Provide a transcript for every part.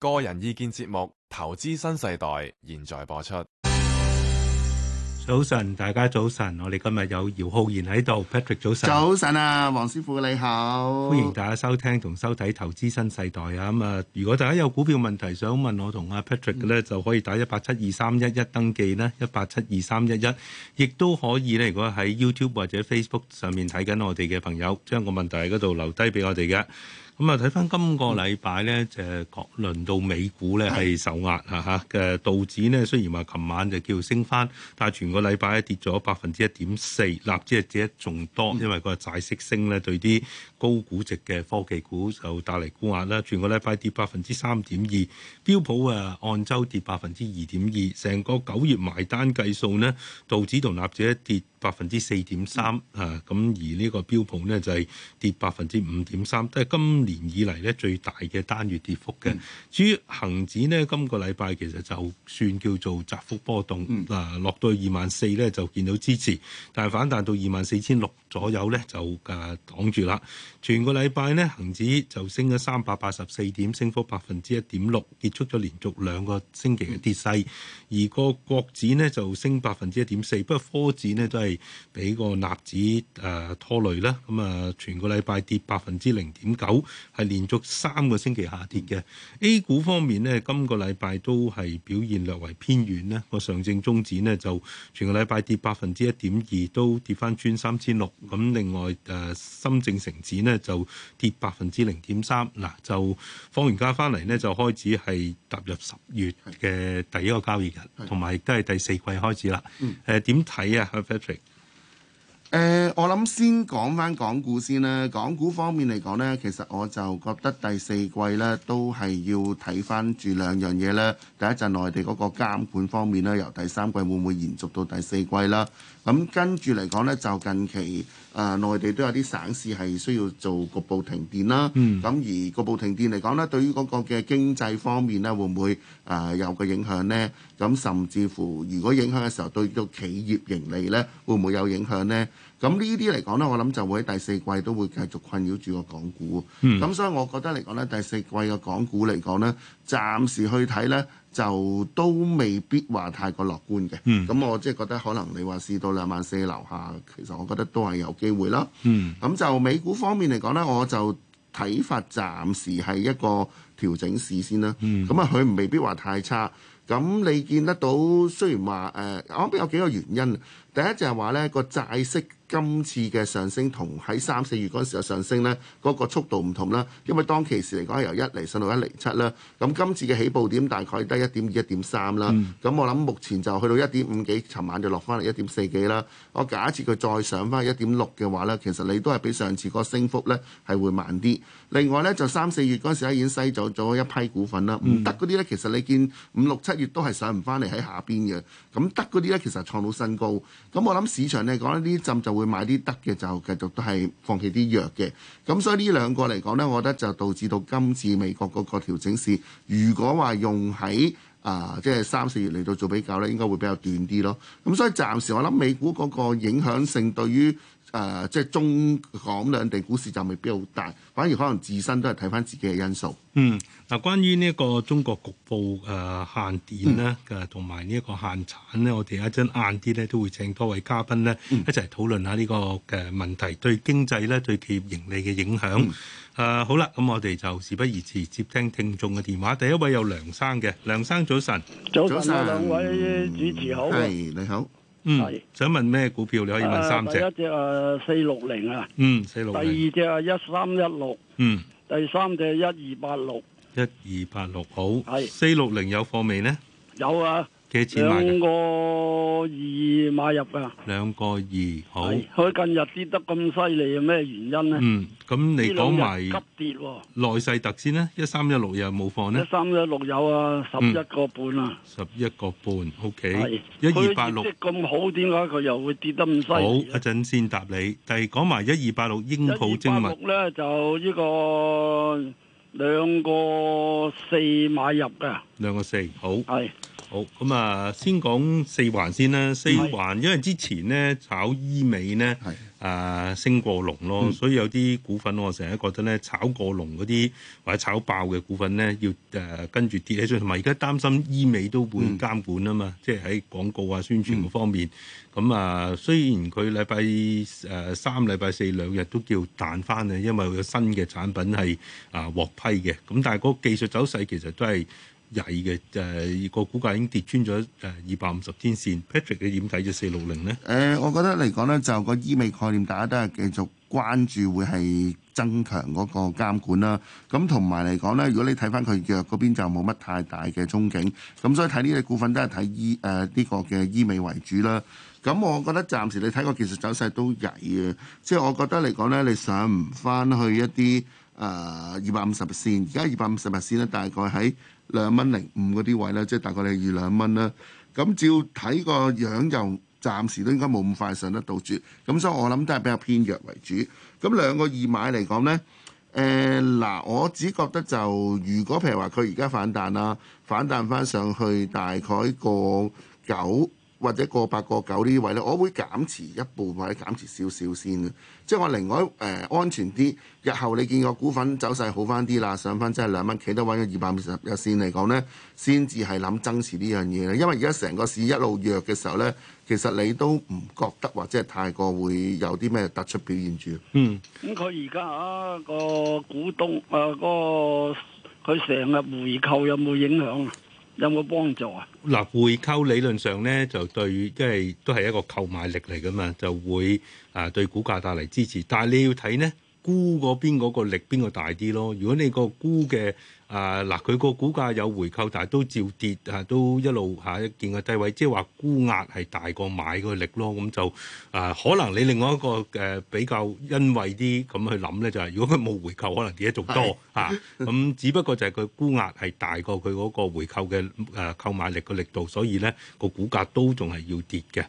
個人意見節目《投資新世代》現在播出。早晨，大家早晨。我哋今日有姚浩然喺度，Patrick 早晨。早晨啊，黃師傅你好，歡迎大家收聽同收睇《投資新世代》啊。咁啊，如果大家有股票問題想問我同阿 Patrick 嘅咧，嗯、就可以打一八七二三一一登記啦，一八七二三一一，亦都可以呢。如果喺 YouTube 或者 Facebook 上面睇緊我哋嘅朋友，將個問題喺嗰度留低俾我哋嘅。咁啊，睇翻今個禮拜咧，就輪到美股咧係受壓嚇嚇嘅道指咧，雖然話琴晚就叫升翻，但係全個禮拜咧跌咗百分之一點四，納指係跌得仲多，因為個債息升咧對啲高估值嘅科技股就帶嚟沽壓啦，全個禮拜跌百分之三點二，標普啊，按周跌百分之二點二，成個九月埋單計數呢，道指同納指跌百分之四點三啊，咁、嗯、而呢個標普呢，就係跌百分之五點三，都係今年以嚟呢最大嘅單月跌幅嘅。嗯、至於恒指呢，今個禮拜其實就算叫做窄幅波動，嗱、嗯啊、落到二萬四呢，就見到支持，但係反彈到二萬四千六左右呢，就誒擋住啦。全個禮拜呢，恒指就升咗三百八十四點，升幅百分之一點六，結束咗連續兩個星期嘅跌勢。而個國指呢，就升百分之一點四，不過科指呢，都係俾個納指誒、呃、拖累啦。咁、嗯、啊，全個禮拜跌百分之零點九，係連續三個星期下跌嘅。A 股方面呢，今個禮拜都係表現略為偏軟咧。個上證綜指呢，就全個禮拜跌百分之一點二，都跌翻穿三千六。咁另外誒、呃、深證成指呢。就跌百分之零點三，嗱、啊、就放完假翻嚟呢，就開始係踏入十月嘅第一個交易日，同埋都係第四季開始啦。誒的，點睇、呃、啊，Patrick？、呃、我諗先講翻港股先啦。港股方面嚟講呢，其實我就覺得第四季呢都係要睇翻住兩樣嘢啦。第一陣內地嗰個監管方面呢，由第三季會唔會延續到第四季啦？咁跟住嚟講咧，就近期誒內、呃、地都有啲省市係需要做局部停電啦。咁、嗯、而局部停電嚟講咧，對於嗰個嘅經濟方面咧，會唔會誒、呃、有個影響呢？咁甚至乎如果影響嘅時候，對個企業盈利咧，會唔會有影響呢？咁呢啲嚟講咧，我諗就會喺第四季都會繼續困擾住個港股。咁、嗯、所以我覺得嚟講咧，第四季嘅港股嚟講咧，暫時去睇咧，就都未必話太過樂觀嘅，咁、嗯、我即係覺得可能你話市到兩萬四樓下，其實我覺得都係有機會啦。咁、嗯、就美股方面嚟講呢，我就睇法暫時係一個調整市先啦。咁啊、嗯，佢未必話太差。咁你見得到雖然話誒、呃，我諗邊有幾個原因。第一就係話呢個債息。今次嘅上升同喺三四月嗰陣時嘅上升咧，嗰、嗰個速度唔同啦。因為當其時嚟講，由一釐升到一厘七啦。咁今次嘅起步點大概得一點二、一點三啦。咁、嗯、我諗目前就去到一點五幾尋晚就落翻嚟一點四幾啦。我假設佢再上翻一點六嘅話咧，其實你都係比上次個升幅咧係會慢啲。另外咧，就三四月嗰陣時咧，已經篩走咗一批股份啦。唔得嗰啲咧，其實你見五六七月都係上唔翻嚟喺下邊嘅。咁得嗰啲咧，其實創到新高。咁我諗市場嚟講呢啲浸就會。會買啲得嘅就繼續，都係放棄啲弱嘅，咁所以呢兩個嚟講呢，我覺得就導致到今次美國嗰個調整市，如果話用喺啊即係三四月嚟到做比較呢，應該會比較短啲咯。咁所以暫時我諗美股嗰個影響性對於。誒、呃，即係中港兩地股市就未必好大，反而可能自身都係睇翻自己嘅因素。嗯，嗱、啊，關於呢個中國局部誒、呃、限電咧，誒同埋呢一個限產呢，我哋一陣晏啲呢，都會請多位嘉賓呢、嗯、一齊討論下呢個嘅問題對經濟咧對企業盈利嘅影響。誒、嗯啊，好啦，咁我哋就事不宜遲，接聽聽眾嘅電話。第一位有梁生嘅，梁生早晨，早晨，早晨兩位主持好，係你好。嗯，是想問咩股票，你可以問三隻。第一隻啊四六零啊，嗯，四六零。第二隻啊一三一六，嗯，第三隻一二八六，一二八六好。係四六零有貨未呢？有啊。兩個二買入噶，兩個二好。佢近日跌得咁犀利，有咩原因呢？嗯，咁你講埋急跌，耐世特先呢，一三一六有冇放呢？一三一六有啊，十一個半啊。十一個半，OK。一二八六咁好，點解佢又會跌得咁犀利？好，一陣先答你。但係講埋一二八六英普精密。一二八六呢就呢個兩個四買入噶。兩個四好係。好咁啊，先講四環先啦。四環，因為之前咧炒醫美咧，啊的、呃、升過龍咯，嗯、所以有啲股份我成日覺得咧炒過龍嗰啲或者炒爆嘅股份咧，要誒、呃、跟住跌起上。誒，同埋而家擔心醫美都會監管啊嘛，嗯、即係喺廣告啊宣傳嗰方面。咁啊、嗯嗯，雖然佢禮拜誒三、禮拜四兩日都叫彈返啊，因為佢有新嘅產品係啊獲批嘅。咁但係個技術走勢其實都係。曳嘅，就係個股價已經跌穿咗誒二百五十天線。Patrick，你點睇隻四六零咧？誒，我覺得嚟講咧，就個醫美概念，大家都係繼續關注，會係增強嗰個監管啦。咁同埋嚟講咧，如果你睇翻佢弱嗰邊，就冇乜太大嘅憧憬。咁所以睇呢啲股份都係睇醫誒呢、呃這個嘅醫美為主啦。咁我覺得暫時你睇個技術走勢都曳嘅，即係我覺得嚟講咧，你上唔翻去一啲誒二百五十日線，而家二百五十日線咧大概喺，兩蚊零五嗰啲位咧，即係大概你二兩蚊啦。咁照睇個樣就暫時都應該冇咁快上得到主。咁所以我諗都係比較偏弱為主。咁兩個二買嚟講呢，誒嗱，我只覺得就如果譬如話佢而家反彈啊，反彈翻上去大概個九，或者過八過九位呢位咧，我會減持一部分或者減持少少先，即係我另外誒、呃、安全啲。日後你見個股份走勢好翻啲啦，上翻即係兩蚊，企得穩咗二百五十日線嚟講咧，先至係諗增持呢樣嘢啦。因為而家成個市一路弱嘅時候咧，其實你都唔覺得或者係太過會有啲咩突出表現住。嗯，咁佢而家啊個股東啊、嗰個佢成日回購有冇影響啊？有冇幫助啊？嗱，回購理論上咧就對，即係都係一個購買力嚟噶嘛，就會啊對股價帶嚟支持。但係你要睇咧，沽嗰邊嗰個力邊個大啲咯？如果你個沽嘅。啊！嗱、呃，佢個股價有回購，但係都照跌啊，都一路下一、啊、見個低位，即係話沽壓係大過買個力咯。咁就啊，可能你另外一個誒、呃、比較欣慰啲咁去諗咧，就係、是、如果佢冇回購，可能跌得仲多嚇。咁是、 啊、只不過就係佢沽壓係大過佢嗰個回購嘅誒、呃、購買力個力度，所以咧個股價都仲係要跌嘅。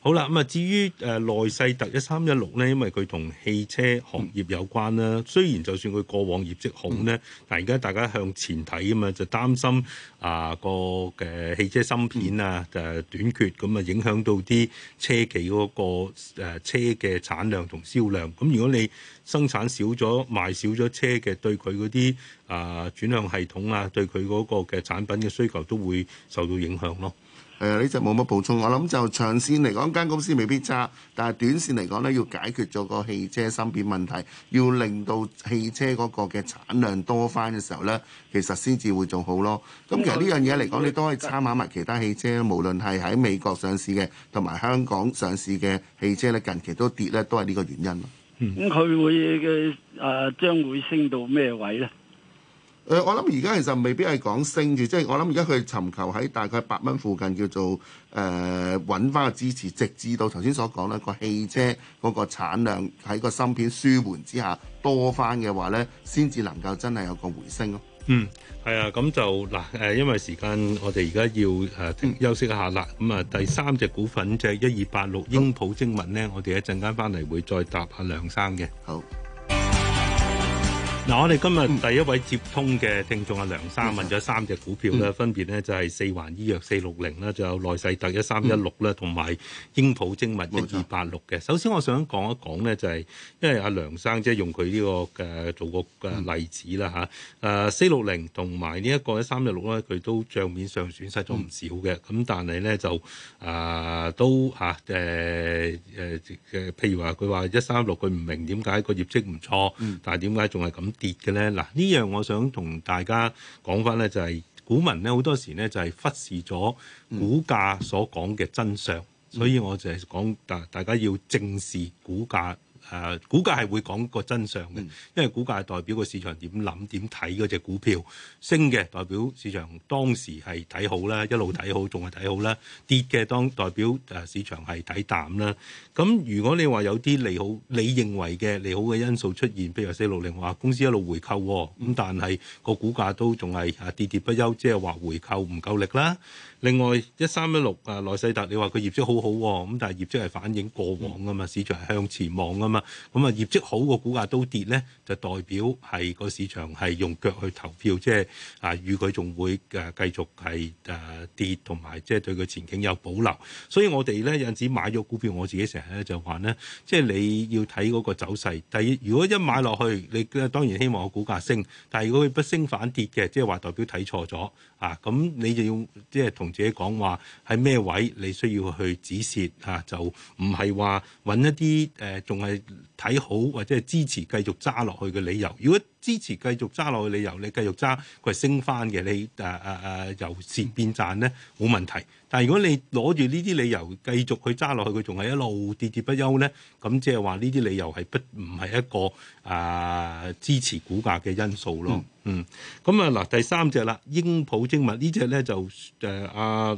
好啦，咁啊，至於誒耐世特一三一六咧，因為佢同汽車行業有關啦。嗯、雖然就算佢過往業績好咧，嗯、但而家大家向前睇啊嘛，就擔心啊個誒汽車芯片啊就、啊、短缺，咁啊影響到啲車企嗰、嗰個誒、啊、車嘅產量同銷量。咁如果你生產少咗、賣少咗車嘅，對佢嗰啲啊轉向系統啊，對佢嗰個嘅產品嘅需求都會受到影響咯。誒呢隻冇乜補充，我諗就長線嚟講間公司未必差，但係短線嚟講呢要解決咗個汽車芯片問題，要令到汽車嗰個嘅產量多返嘅時候呢，其實先至會做好咯。咁、嗯、其實呢樣嘢嚟講，嗯、你都可以參考埋其他汽車，無論係喺美國上市嘅同埋香港上市嘅汽車咧，近期都跌呢，都係呢個原因。咁佢、嗯嗯、會嘅誒、呃、將會升到咩位呢？誒，我諗而家其實未必係講升住，即係我諗而家佢尋求喺大概百蚊附近叫做誒揾翻個支持，直至到頭先所講咧個汽車嗰個產量喺個芯片舒緩之下多翻嘅話咧，先至能夠真係有個回升咯。嗯，係啊，咁就嗱誒，因為時間我，我哋而家要誒休息一下啦。咁、嗯、啊，嗯、第三隻股份即係一二八六英普精文咧，好我哋一陣間翻嚟會再答下梁生嘅。好。嗱，我哋今日第一位接通嘅聽眾阿梁生問咗三隻股票咧，嗯、分別咧就係四環醫藥四六零啦，仲有內世特一三一六啦，同埋英普精密一二八六嘅。冇錯。首先我想講一講咧，就係因為阿梁生即係用佢呢個嘅做個嘅例子啦吓，誒四六零同埋呢一個一三一六咧，佢都賬面上損失咗唔少嘅。咁但係咧就誒都吓誒誒誒，譬如話佢話一三一六佢唔明點解個業績唔錯，但係點解仲係咁？跌嘅咧，嗱呢樣我想同大家講翻咧，就係、是、股民咧好多時咧就係忽視咗股價所講嘅真相，所以我就係講大大家要正視股價。誒、啊、股價係會講個真相嘅，因為股價係代表個市場點諗點睇嗰隻股票，升嘅代表市場當時係睇好啦，一路睇好仲係睇好啦。跌嘅當代表誒、啊、市場係睇淡啦。咁如果你話有啲利好，你認為嘅利好嘅因素出現，譬如四六零話公司一路回購，咁、嗯、但係個股價都仲係跌跌不休，即係話回購唔夠力啦。另外一三一六啊耐世特，你話佢業績好好喎，咁、嗯、但係業績係反映過往㗎嘛，市場係向前望噶嘛。咁啊，業績好個股價都跌咧，就代表係個市場係用腳去投票，即係啊，預佢仲會誒繼續係誒跌，同埋即係對佢前景有保留。所以我哋咧有陣時買咗股票，我自己成日咧就話咧，即係你要睇嗰個走勢。第二，如果一買落去，你當然希望個股價升，但係如果佢不升反跌嘅，即係話代表睇錯咗啊。咁你就要即係同自己講話喺咩位你需要去止蝕啊？就唔係話揾一啲誒仲係。呃睇好或者係支持繼續揸落去嘅理由。如果支持繼續揸落去理由，你繼續揸，佢係升翻嘅，你誒誒誒由蝕變賺咧冇問題。但係如果你攞住呢啲理由繼續去揸落去，佢仲係一路跌跌不休咧，咁即係話呢啲理由係不唔係一個誒支持股價嘅因素咯。嗯，咁啊嗱，第三隻啦，英普精密呢隻咧就誒阿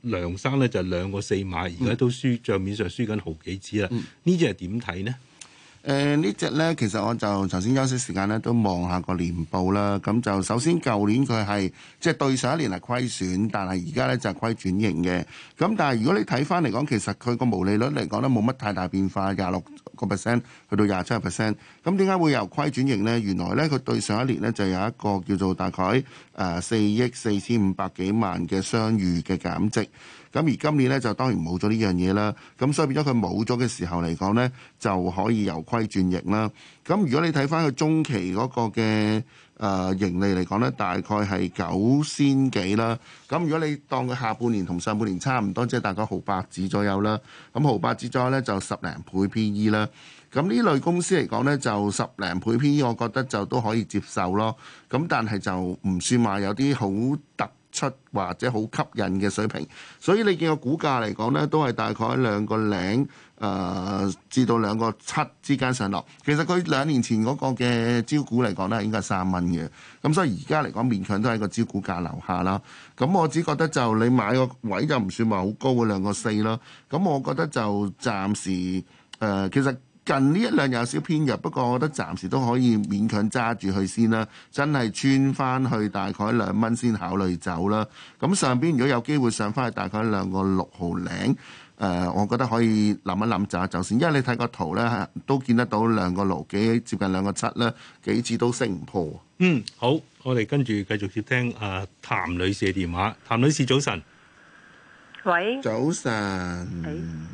梁生咧就兩個四買，而家都輸帳面上輸緊好幾次啦。呢隻係點睇咧？誒呢隻呢，其實我就頭先休息時間呢，都望下個年報啦。咁就首先舊年佢係即係對上一年係虧損，但係而家呢就係虧轉盈嘅。咁但係如果你睇翻嚟講，其實佢個毛利率嚟講呢，冇乜太大變化，廿六個 percent 去到廿七個 percent。咁點解會由虧轉盈呢？原來呢，佢對上一年呢，就有一個叫做大概誒四億四千五百幾萬嘅商譽嘅減值。咁而今年咧就當然冇咗呢樣嘢啦，咁所以變咗佢冇咗嘅時候嚟講呢，就可以由虧轉盈啦。咁如果你睇翻佢中期嗰個嘅誒、呃、盈利嚟講呢，大概係九千幾啦。咁如果你當佢下半年同上半年差唔多，即係大概毫百紙左右啦。咁毫百紙左右呢，就十零倍 P/E 啦。咁呢類公司嚟講呢，就十零倍 P/E，我覺得就都可以接受咯。咁但係就唔算話有啲好特別。七或者好吸引嘅水平，所以你見個股價嚟講呢，都係大概兩個零誒、呃、至到兩個七之間上落。其實佢兩年前嗰個嘅招股嚟講呢，應該係三蚊嘅，咁所以而家嚟講勉強都喺個招股價樓下啦。咁我只覺得就你買位就個位就唔算話好高嘅兩個四咯。咁我覺得就暫時誒、呃、其實。近呢一兩日有少偏弱，不過我覺得暫時都可以勉強揸住佢先啦、啊。真係穿翻去大概兩蚊先考慮走啦、啊。咁、嗯、上邊如果有機會上翻去大概兩個六毫零，誒、呃，我覺得可以諗一諗走一走先。因為你睇個圖咧、啊，都見得到兩個六幾接近兩個七咧，幾次都升唔破。嗯，好，我哋跟住繼續接聽誒、啊、譚女士嘅電話。譚女士，早晨。喂，早晨，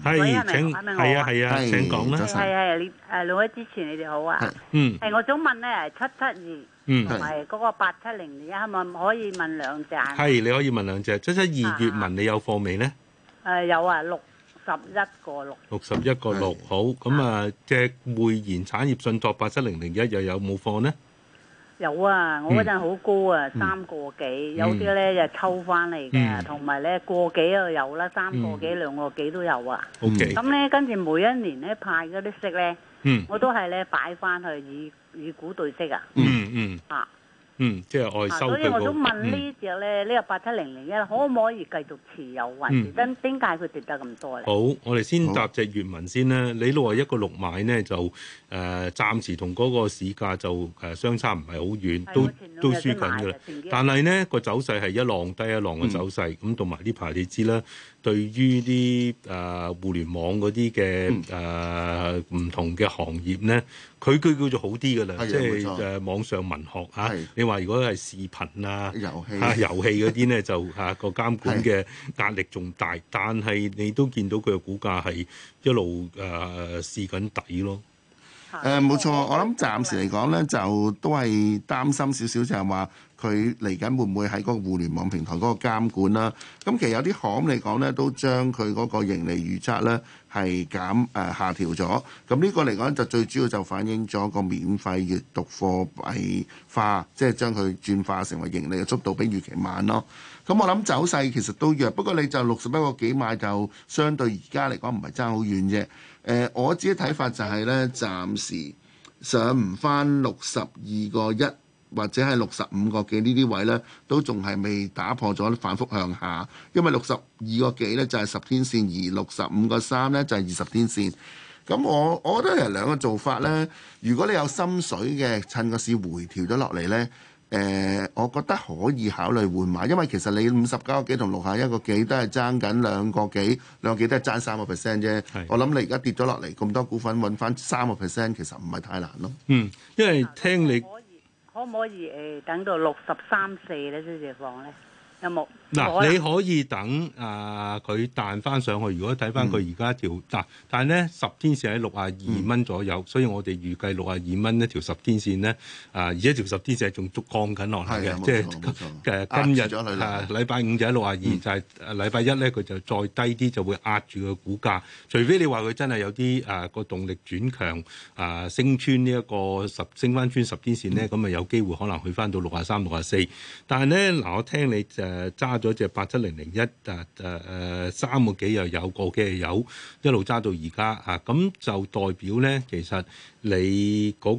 係，請係啊係啊，請講啦。係係，你誒兩位之前你哋好啊，嗯，誒，我想問咧七七二，嗯，係嗰個八七零零一，可唔可以問兩隻？係你可以問兩隻七七二，閱文你有貨未呢？誒有啊，六十一個六，六十一個六好咁啊。隻匯賢產業信託八七零零一又有冇貨呢？有啊，我嗰陣好高啊，三個幾，有啲咧就抽翻嚟嘅，同埋咧個幾就有啦，三個幾兩個幾都有啊。咁咧 Okay. 跟住每一年咧派嗰啲息咧，色呢嗯、我都係咧擺翻去以以股對息啊。嗯嗯。嚇、嗯！啊嗯，即係外收、那個啊、我想問隻呢隻咧，呢、嗯、個八七零零一可唔可以繼續持有運？咁點解佢跌得咁多咧？好，我哋先答隻粵文先啦。你話一個六買呢，就誒、呃、暫時同嗰個市價就誒、呃、相差唔係好遠，都的都，都輸緊㗎啦。但係呢、嗰個走勢係一浪低一浪嘅走勢，咁同埋呢排你知啦。對於啲誒互聯網嗰啲嘅誒唔同嘅行業咧，佢佢叫做好啲㗎喇，即係誒網上文學嚇。的你話如果係視頻啊、遊戲、 啊、遊戲嗰啲咧，就嚇個、啊、監管嘅壓力仲大。的但係你都見到佢嘅股價係一路誒試緊底咯。誒、呃，冇錯，我諗暫時嚟講咧，就都係擔心少少，就係、是、話。佢嚟緊會唔會喺嗰個互聯網平台嗰個監管啦？咁其實有啲行嚟講呢，都將佢嗰個盈利預測呢係減誒、呃、下調咗。咁呢個嚟講就最主要就反映咗個免費閲讀貨幣化，即係將佢轉化成為盈利嘅速度比預期慢咯。咁我諗走勢其實都弱，不過你就六十一個幾買就相對而家嚟講唔係差好遠啫。誒、呃，我自己睇法就係呢，暫時上唔翻六十二個一。或者係六十五個幾呢啲位呢，都仲係未打破咗反覆向下，因為六十二個幾呢，就係十天線，而六十五個三呢，就係二十天線。咁我我覺得係兩個做法呢。如果你有心水嘅，趁個市回調咗落嚟呢，誒、呃，我覺得可以考慮換埋。因為其實你五十九個幾同六十一個幾都係爭緊兩個幾兩個幾都係爭三個 percent 啫。我諗你而家跌咗落嚟咁多股份，揾翻三個 percent 其實唔係太難咯。嗯，因為聽你。可唔可以誒、欸、等到六十三四咧先至放咧有冇？嗱，你可以等啊，佢彈翻上去。如果睇翻佢而家條，嗱，但係咧十天線喺六廿二蚊左右，嗯、所以我哋預計六廿二蚊一條十天線咧，啊，而一條十天線係仲逐降緊落嚟嘅，即係誒今日啊，禮拜五就喺六廿二，就係禮拜一咧佢就再低啲就會壓住個股價。嗯、除非你話佢真係有啲誒、啊、個動力轉強，啊，升穿呢一個十升翻穿十天線咧，咁咪有機會可能去翻到六廿三、六廿四。但係咧，嗱，我聽你誒揸揸咗隻八七零零一，誒誒誒三個幾又有個嘅，有一路揸到而家啊。咁就代表咧其實。你嗰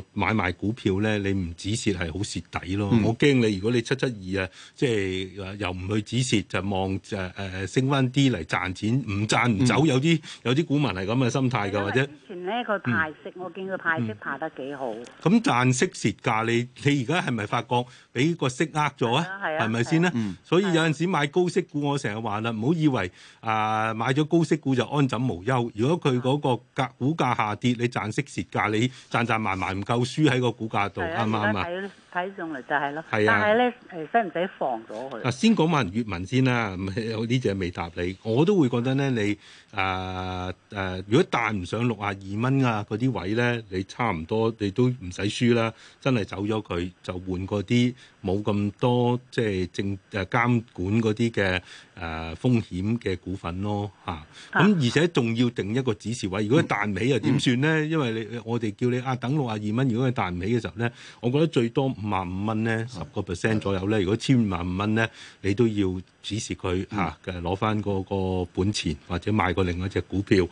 個買賣股票咧，你唔止蝕係好蝕底咯。我驚你如果你七七二啊，即係又唔去止蝕，就望誒誒升翻啲嚟賺錢，唔賺唔走。有啲有啲股民係咁嘅心態㗎，或者以前咧佢派息，我見佢派息派得幾好。咁賺息蝕價，你你而家係咪發覺俾個息呃咗啊？係啊，係啊，係咪先咧？所以有陣時買高息股，我成日話啦，唔好以為啊買咗高息股就安枕無憂。如果佢嗰個價股價下跌，你賺息蝕價你賺賺埋埋唔夠輸喺個股價度，啱唔啱啊？吧睇上嚟就係咯，但係咧誒，使唔使放咗佢？啊，先講埋粵文先啦，咁有啲嘢未答你，我都會覺得咧，你啊誒、呃呃呃，如果彈唔上六啊二蚊啊嗰啲位咧，你差唔多你都唔使輸啦。真係走咗佢就換嗰啲冇咁多即係正誒監管嗰啲嘅誒風險嘅股份咯嚇。咁、啊、而且仲要定一個止蝕位，如果彈起又點算咧？嗯嗯、因為你我哋叫你啊，等六啊二蚊。如果佢彈唔起嘅時候咧，我覺得最多。萬五蚊咧，十個 percent 左右咧。如果千萬五蚊咧，你都要指示佢嚇嘅攞翻嗰個本錢，或者買過另外隻股票。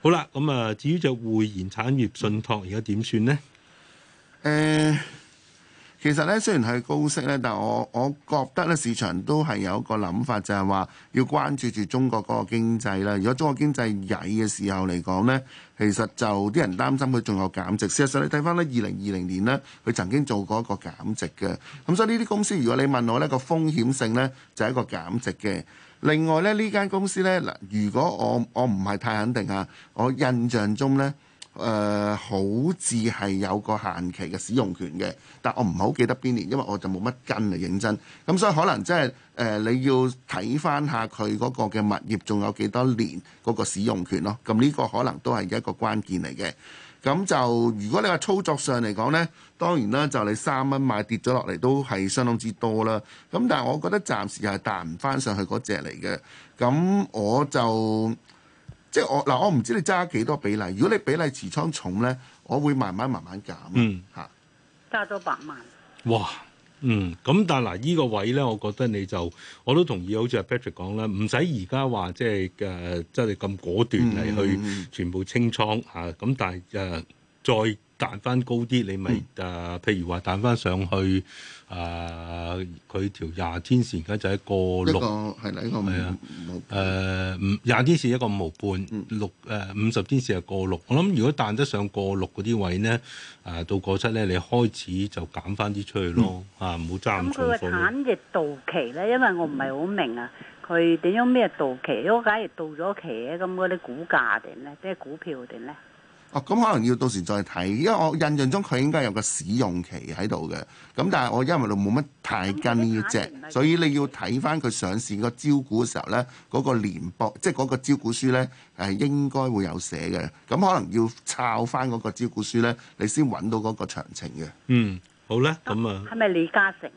好啦，咁啊，至於隻匯賢產業信託而家點算呢？誒、呃，其實咧雖然係高息咧，但係我我覺得咧市場都係有一個諗法，就係、是、話要關注住中國嗰個經濟啦。如果中國經濟曳嘅時候嚟講咧。其實就啲人擔心佢仲有減值。事實上，你睇翻，呢二零二零年呢，佢曾經做過一個減值嘅。咁、嗯、所以呢啲公司，如果你問我呢、個風險性呢，就係、係、一個減值嘅。另外呢，呢間公司呢，嗱，如果我我唔係太肯定啊，我印象中呢。誒、呃，好似係有個限期嘅使用權嘅，但我唔好記得邊年，因為我就冇乜跟嚟認真，咁所以可能即係誒，你要睇翻下佢嗰個嘅物業仲有幾多年嗰個使用權咯，咁呢個可能都係一個關鍵嚟嘅。咁就如果你話操作上嚟講呢，當然啦，就你三蚊買跌咗落嚟都係相當之多啦。咁但係我覺得暫時又係彈唔翻上去嗰隻嚟嘅，咁我就。即係我嗱，我唔知你揸幾多比例。如果你比例持倉重咧，我會慢慢慢慢減。嗯，嚇、啊，加多百萬。哇，嗯，咁但係嗱，依、這個位咧，我覺得你就，我都同意，好似阿 Patrick 講啦，唔使而家話即係誒，即係咁果斷嚟、嗯、去全部清倉嚇。咁、啊、但係誒、呃，再彈翻高啲，你咪誒、呃，譬如話彈翻上去。啊！佢、呃、條廿天線而家就係過六，一係啦的，呢個五。係啊，誒五廿天線一個五毫半，六誒五十天線係過六。我諗如果彈得上過六嗰啲位咧，啊、呃、到過七咧，你開始就減翻啲出去咯，嚇、嗯！唔好揸咁重貨。咁到、嗯、期咧，因為我唔係好明啊，佢點樣咩到期？如果假如到咗期咧、啊，咁嗰啲股價點咧？即係股票點咧？哦，咁、嗯、可能要到時再睇，因為我印象中佢應該有個使用期喺度嘅。咁但係我因為冇乜太跟呢隻，嗯、所以你要睇翻佢上市個招股嘅時候呢，嗰、嗰個聯博即係嗰個招股書呢，係應該會有寫嘅。咁可能要抄翻嗰個招股書呢，你先揾到嗰個詳情嘅。嗯，好啦，咁、嗯、啊，係咪李嘉誠？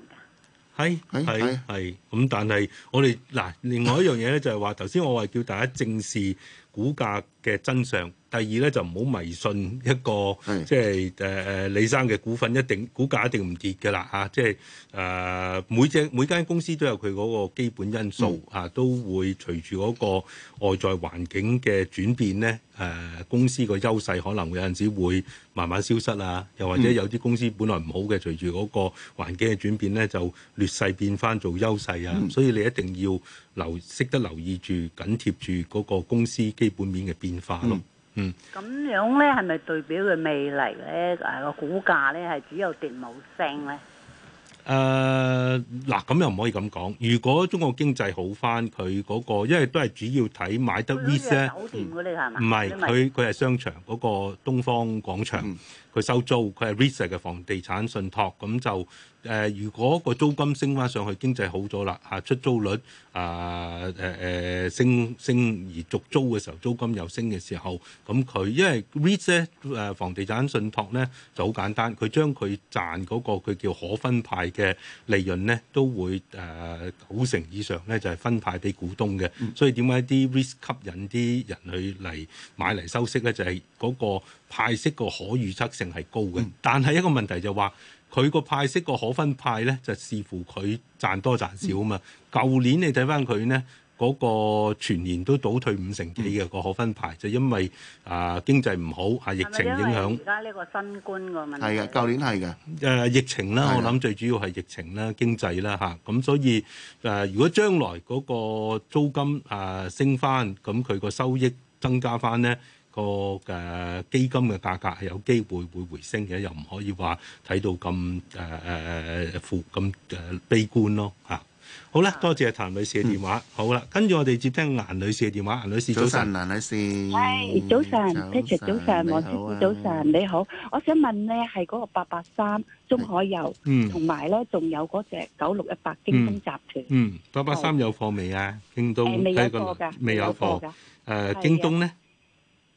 係係係。咁但係我哋嗱，另外一樣嘢呢，就係話，頭先我話叫大家正視股價嘅真相。第二咧就唔好迷信一個，的即係誒誒李生嘅股份一定股價一定唔跌㗎喇嚇，即係誒、呃、每隻每間公司都有佢嗰個基本因素嚇、嗯啊，都會隨住嗰個外在環境嘅轉變咧，誒、啊、公司個優勢可能會有陣時會慢慢消失啊，又或者有啲公司本來唔好嘅，隨住嗰個環境嘅轉變咧，就劣勢變返做優勢啊，嗯、所以你一定要留識得留意住緊貼住嗰個公司基本面嘅變化咯。咁樣咧，係咪代表佢未來咧，誒個股價咧係只有跌冇升咧？誒，嗱，咁又唔可以咁講。如果中國經濟好翻，佢嗰個，因為都係主要睇買得 REIT。酒店嗰啲係咪？唔係，佢佢係商場嗰個東方廣場，佢收租，佢係 REIT 嘅房地產信託，咁就。誒，如果個租金升翻上去，經濟好咗啦，啊，出租率啊，誒、呃、誒、呃，升升而續租嘅時候，租金又升嘅時候，咁、嗯、佢、嗯、因為 REIT 咧，誒，房地產信託咧就好簡單，佢將佢賺嗰個佢叫可分派嘅利潤咧，都會誒九、呃、成以上咧就係分派俾股東嘅。嗯、所以點解啲 REIT 吸引啲人去嚟買嚟收息咧？就係、是、嗰個派息個可預測性係高嘅。嗯、但係一個問題就話、是。佢個派息個可分派咧，就視乎佢賺多賺少啊嘛。嗯，舊年你睇翻佢咧，嗰個全年都倒退五成幾嘅個可分派，就因為啊經濟唔好，係疫情影響。而家呢個新冠個問題。係啊，舊年係㗎。誒疫情啦，係嘅，我諗最主要係疫情啦，經濟啦吓，咁所以誒，如果將來嗰個租金誒升翻，咁佢個收益增加翻咧。個嘅基金嘅價格係有機會會回升嘅，又唔可以話睇到咁誒誒負咁誒悲觀咯嚇。好啦，多謝譚女士嘅電話。好啦，跟住我哋接聽顏女士嘅電話。顏女士，早晨，顏女士，喂，早晨，Peter 早晨，王師傅早晨，你好。我想問咧，係嗰個八八三中海油，嗯，同埋咧仲有嗰隻九六一八京東集團，嗯，八八三有貨未啊？京東，誒，未有貨㗎，未有貨。誒，京東咧。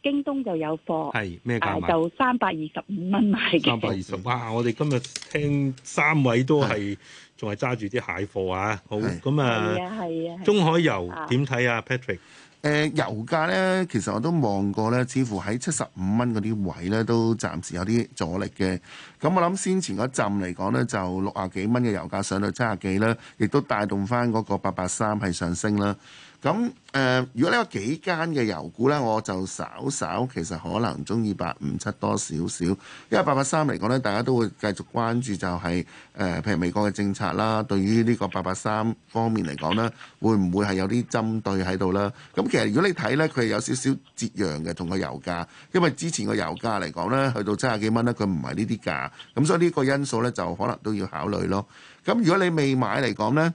京東就有貨，係咩價就三百二十五蚊買嘅。三百二十五！我哋今日聽三位都係仲係揸住啲蟹貨啊！好咁是啊，係啊係啊。啊啊中海油點睇啊，Patrick？誒、呃、油價咧，其實我都望過咧，似乎喺七十五蚊嗰啲位咧，都暫時有啲阻力嘅。咁我諗先前嗰陣嚟講咧，就六啊幾蚊嘅油價上到七啊幾咧，亦都帶動翻嗰個八八三係上升啦。咁誒、呃，如果你有幾間嘅油股呢，我就稍稍其實可能鍾意八五七多少少，因為八八三嚟講呢，大家都會繼續關注就係、是、誒，譬、呃、如美國嘅政策啦，對於呢個八八三方面嚟講呢，會唔會係有啲針對喺度啦？咁其實如果你睇呢，佢有少少折讓嘅同個油價，因為之前個油價嚟講呢，去到七十幾蚊呢，佢唔係呢啲價，咁所以呢個因素呢，就可能都要考慮咯。咁如果你未買嚟講呢，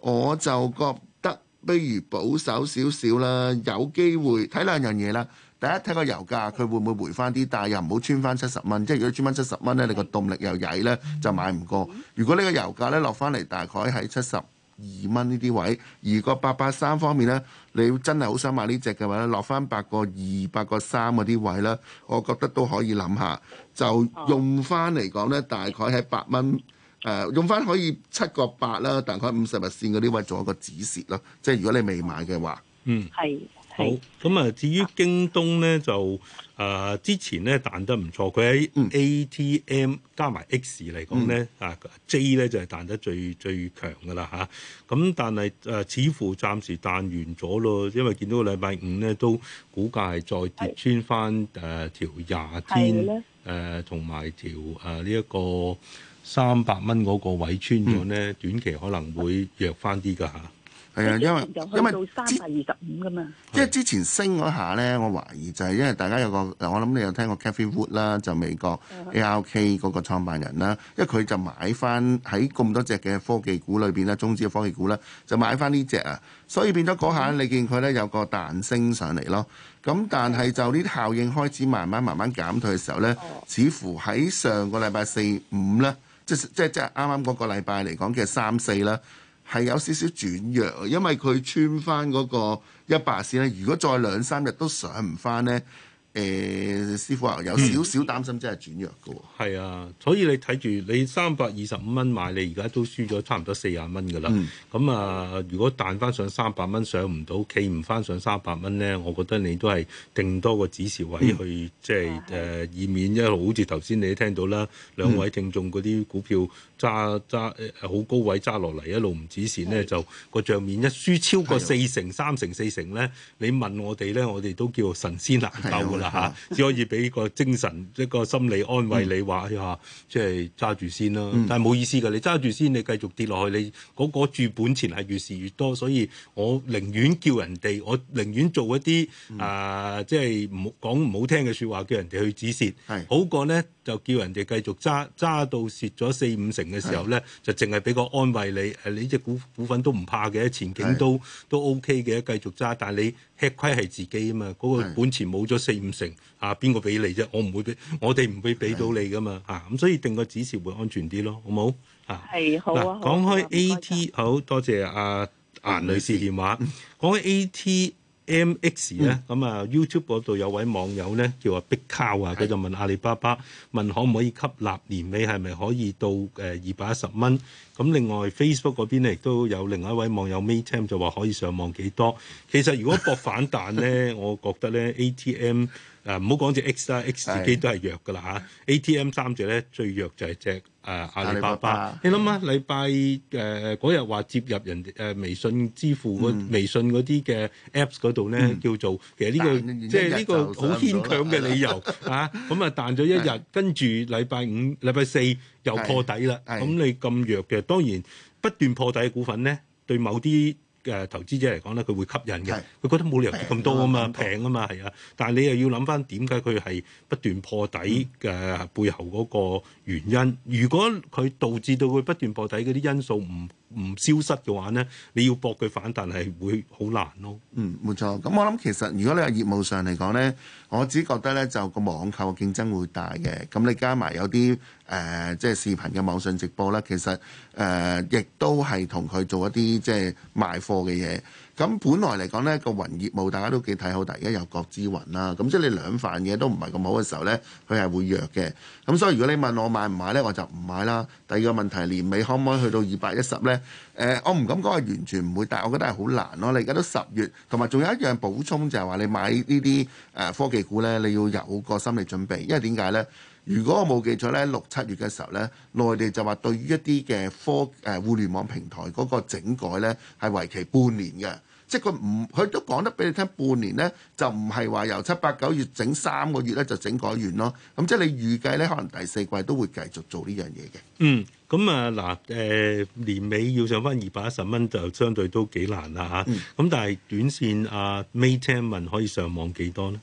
我就覺。不如保守少少啦，有機會睇兩樣嘢啦。第一睇個油價，佢會唔會回翻啲？但係又唔好穿翻七十蚊。即係如果穿翻七十蚊咧，你個動力又曳咧，就買唔過。如果呢個油價咧落翻嚟，大概喺七十二蚊呢啲位，而個八八三方面咧，你真係好想買呢隻嘅話咧，落翻八個二八個三嗰啲位咧，我覺得都可以諗下。就用翻嚟講咧，大概喺八蚊。誒、uh, 用翻可以七個八啦，大概五十日線嗰啲位做一個止蝕。咯，即係如果你未買嘅話，嗯，係，好咁啊。至於京東咧，就誒、呃、之前咧彈得唔錯，佢喺 ATM 加埋 X 嚟講咧啊 J 咧就係、是、彈得最最強噶啦嚇。咁、啊、但係誒、呃、似乎暫時彈完咗咯，因為見到個禮拜五咧都估計係再跌穿翻誒、呃、條廿天誒同埋條誒呢一個。三百蚊嗰個位穿咗咧，嗯、短期可能會弱翻啲㗎嚇。係啊的，因為因為之前三百二十五㗎嘛。即係之前升嗰下咧，我懷疑就係因為大家有個，我諗你有聽過 Cathy Wood 啦，就美國 ARK 嗰個創辦人啦。因為佢就買翻喺咁多隻嘅科技股裏邊啦，中資嘅科技股啦，就買翻呢隻啊。所以變咗嗰下，你見佢咧有個彈升上嚟咯。咁但係就呢啲效應開始慢慢慢慢減退嘅時候咧，似乎喺上個禮拜四五咧。即即即係啱啱嗰個禮拜嚟講嘅三四啦，係有少少轉弱，因為佢穿翻嗰個一百線咧。如果再兩三日都上唔翻咧。誒師傅話有少少擔心，真係轉弱嘅喎。係啊，所以你睇住你三百二十五蚊買，你而家都輸咗差唔多四廿蚊嘅啦。咁啊，如果彈翻上三百蚊上唔到，企唔翻上三百蚊咧，我覺得你都係定多個止蝕位去，即係誒，以免一路好似頭先你聽到啦，兩位聽眾嗰啲股票揸揸好高位揸落嚟，一路唔止蝕咧，就個帳面一輸超過四成、三成、四成咧，你問我哋咧，我哋都叫神仙難救嘅啦。嚇，只 可以俾個精神一個心理安慰你話：哎呀、嗯，即係揸住先啦。嗯、但係冇意思㗎，你揸住先，你繼續跌落去，你嗰個注本錢係越蝕越多。所以我寧願叫人哋，我寧願做一啲啊，即、就、係、是、講唔好聽嘅説話，叫人哋去止蝕，是好過咧。就叫人哋繼續揸，揸到蝕咗四五成嘅時候咧，是就淨係俾個安慰你，誒呢隻股股份都唔怕嘅，前景都是都 OK 嘅，繼續揸。但你吃虧係自己啊嘛，嗰、那個本錢冇咗四五成啊，邊個俾你啫？我唔會俾，我哋唔會俾到你噶嘛嚇。咁是、啊、所以定個止蝕會安全啲咯，好冇嚇？係好啊，啊！講開 AT，好、啊、好多謝阿顏女士電話。講開 AT。MX 咧咁啊 YouTube 嗰度有位網友咧叫阿 Big Cow 啊，佢就問阿里巴巴問可唔可以吸納年尾係咪可以到誒二百一十蚊？咁另外 Facebook 嗰邊咧，亦都有另外一位網友 Mateam 就話可以上網幾多。其實如果博反彈咧，我覺得咧 ATM 誒唔好講隻 X 啦，X 自己都係弱噶啦嚇。ATM 三隻咧最弱就係隻誒阿里巴巴。你諗下，禮拜誒嗰日話接入人哋誒微信支付個微信嗰啲嘅 Apps 嗰度咧，叫做其實呢個即係呢個好牽強嘅理由嚇。咁啊彈咗一日，跟住禮拜五、禮拜四。又破底啦，咁你咁弱嘅，當然不斷破底嘅股份咧，對某啲嘅、呃、投資者嚟講咧，佢會吸引嘅，佢是覺得冇理由跌咁多啊嘛，平啊嘛，係啊，但係你又要諗翻點解佢係不斷破底嘅背後嗰個原因，嗯、如果佢導致到佢不斷破底嗰啲因素唔，嗯唔消失嘅話咧，你要搏佢反彈係會好難咯。嗯，冇錯。咁我諗其實如果你係業務上嚟講咧，我只覺得咧就個網購競爭會大嘅。咁你加埋有啲誒、呃，即係視頻嘅網上直播啦，其實誒、呃、亦都係同佢做一啲即係賣貨嘅嘢。咁本來嚟講咧，個雲業務大家都幾睇好，但而家有國資雲啦，咁即係你兩份嘢都唔係咁好嘅時候咧，佢係會弱嘅。咁所以如果你問我買唔買咧，我就唔買啦。第二個問題，年尾可唔可以去到二百一十咧？誒，我唔敢講係完全唔會，但係我覺得係好難咯。你而家都十月，同埋仲有一樣補充就係話，你買呢啲誒科技股咧，你要有個心理準備，因為點解咧？如果我冇記錯咧，六七月嘅時候咧，內地就話對於一啲嘅科誒互聯網平台嗰個整改咧，係為期半年嘅。即係佢唔，佢都講得俾你聽，半年咧就唔係話由七八九月整三個月咧就整改完咯。咁即係你預計咧，可能第四季都會繼續做呢樣嘢嘅。嗯，咁啊嗱，誒年尾要上返二百一十蚊就相對都幾難啦吓。咁、嗯嗯、但係短線啊，May t 天文可以上往幾多呢？